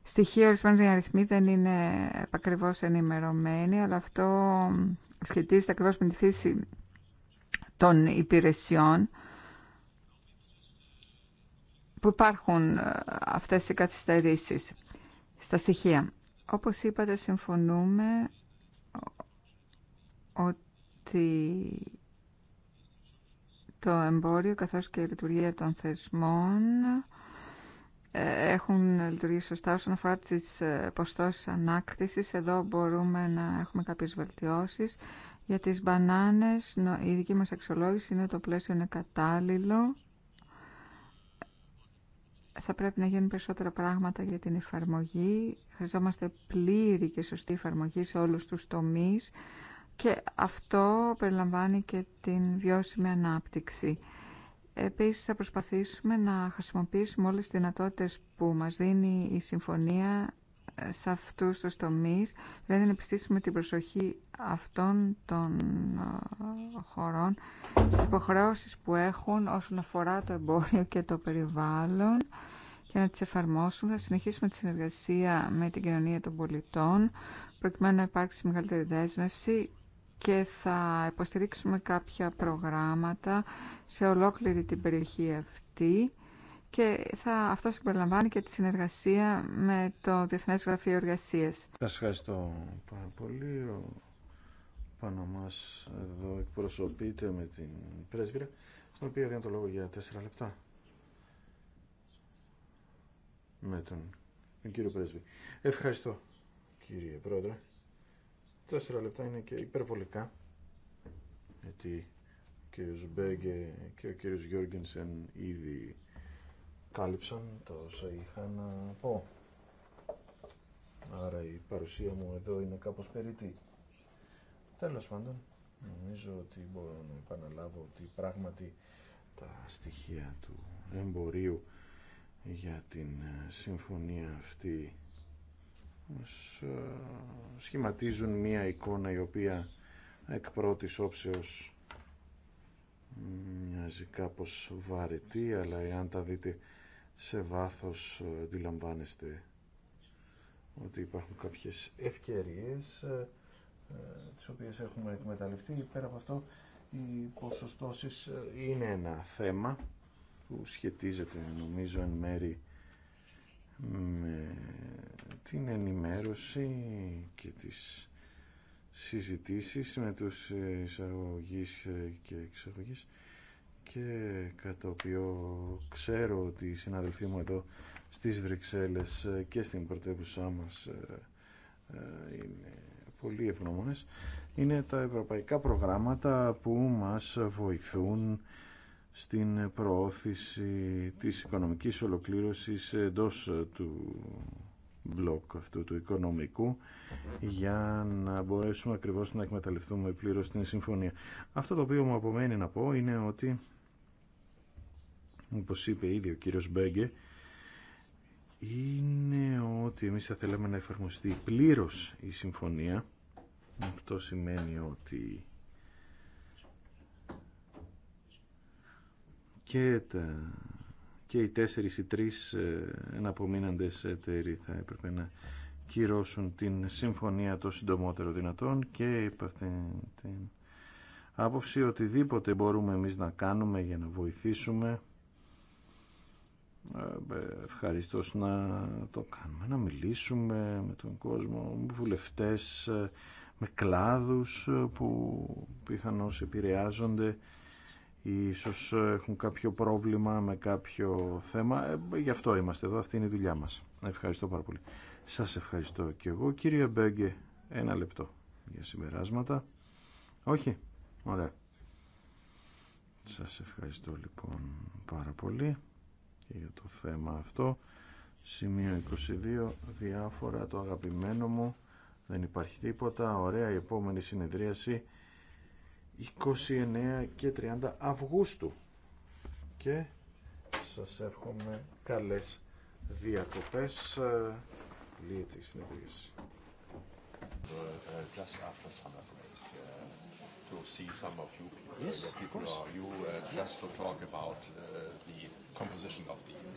στοιχεία, την αριθμοί δεν είναι ακριβώ ενημερωμένοι, αλλά αυτό σχετίζεται ακριβώς με τη φύση των υπηρεσιών που υπάρχουν ε, αυτές οι καθυστερήσεις στα στοιχεία. Όπως είπατε, συμφωνούμε ότι το εμπόριο καθώς και η λειτουργία των θεσμών ε, έχουν λειτουργήσει σωστά όσον αφορά τις ε, ποστώσεις ανάκτησης. Εδώ μπορούμε να έχουμε κάποιες βελτιώσεις. Για τις μπανάνες η δική μας αξιολόγηση είναι το πλαίσιο είναι κατάλληλο. Θα πρέπει να γίνουν περισσότερα πράγματα για την εφαρμογή. Χρειαζόμαστε πλήρη και σωστή εφαρμογή σε όλους τους τομείς και αυτό περιλαμβάνει και την βιώσιμη ανάπτυξη. Επίσης θα προσπαθήσουμε να χρησιμοποιήσουμε όλες τις δυνατότητες που μας δίνει η συμφωνία ε, σε αυτούς τους τομείς, δηλαδή να επιστήσουμε την προσοχή αυτών των ε, χωρών στις υποχρεώσεις που έχουν όσον αφορά το εμπόριο και το περιβάλλον και να τις εφαρμόσουμε. Θα συνεχίσουμε τη συνεργασία με την κοινωνία των πολιτών προκειμένου να υπάρξει μεγαλύτερη δέσμευση και θα υποστηρίξουμε κάποια προγράμματα σε ολόκληρη την περιοχή αυτή και θα, αυτό συμπεριλαμβάνει και τη συνεργασία με το Διεθνές Γραφείο Εργασίας. Σας ευχαριστώ πάρα πολύ. Ο πάνω μας εδώ εκπροσωπείται με την πρέσβυρα, στην οποία δίνω το λόγο για τέσσερα λεπτά. Με τον, τον κύριο πρέσβη. Ευχαριστώ κύριε πρόεδρε. Τέσσερα λεπτά είναι και υπερβολικά, γιατί ο κύριος Μπέγκε και ο κύριος Γιώργενσεν ήδη κάλυψαν τα όσα είχα να πω. Άρα η παρουσία μου εδώ είναι κάπως περίτη. Τέλος πάντων, νομίζω ότι μπορώ να επαναλάβω ότι πράγματι τα στοιχεία του εμπορίου για την ε, συμφωνία αυτή ε, σχηματίζουν μία εικόνα η οποία εκ πρώτης όψεως μοιάζει κάπως βαρετή αλλά εάν τα δείτε σε βάθος ε, αντιλαμβάνεστε ότι υπάρχουν κάποιες ευκαιρίες ε, τις οποίες έχουμε εκμεταλλευτεί πέρα από αυτό οι ποσοστώσεις είναι ένα θέμα που σχετίζεται νομίζω εν μέρη με την ενημέρωση και τις συζητήσεις με τους εισαγωγείς και εξαγωγείς και κατά το οποίο ξέρω ότι οι συναδελφοί μου εδώ στις Βρυξέλλες και στην πρωτεύουσά μας ε, ε, είναι πολύ ευγνώμονες είναι τα ευρωπαϊκά προγράμματα που μας βοηθούν στην προώθηση της οικονομικής ολοκλήρωσης εντός του μπλοκ αυτού του οικονομικού για να μπορέσουμε ακριβώς να εκμεταλλευτούμε πλήρως την συμφωνία. Αυτό το οποίο μου απομένει να πω είναι ότι όπως είπε ήδη ο κύριος Μπέγκε είναι ότι εμείς θα θέλαμε να εφαρμοστεί πλήρως η συμφωνία αυτό σημαίνει ότι και, τα, και οι τέσσερις ή τρεις ε, εναπομείναντες εταίροι θα έπρεπε να κυρώσουν την συμφωνία το συντομότερο δυνατόν και υπ' την άποψη οτιδήποτε μπορούμε εμείς να κάνουμε για να βοηθήσουμε ε, ε, ευχαριστώ να το κάνουμε, να μιλήσουμε με τον κόσμο, με βουλευτές, με κλάδους που πιθανώς επηρεάζονται δουλειά μας. Ευχαριστώ πάρα πολύ. Σας ευχαριστώ και εγώ. Κύριε Μπέγκε, ένα λεπτό για συμπεράσματα. Όχι, ωραία. Σας ευχαριστώ λοιπόν πάρα πολύ για το θέμα αυτό. Σημείο 22, διάφορα, το αγαπημένο μου, δεν υπάρχει τίποτα. Ωραία, η επόμενη συνεδρίαση 29 και 30 Αυγούστου και σας εύχομαι καλές διακοπές λίγη τη συνεδρίαση. Just after to see some of you, yes, people are you, just to talk about the composition of the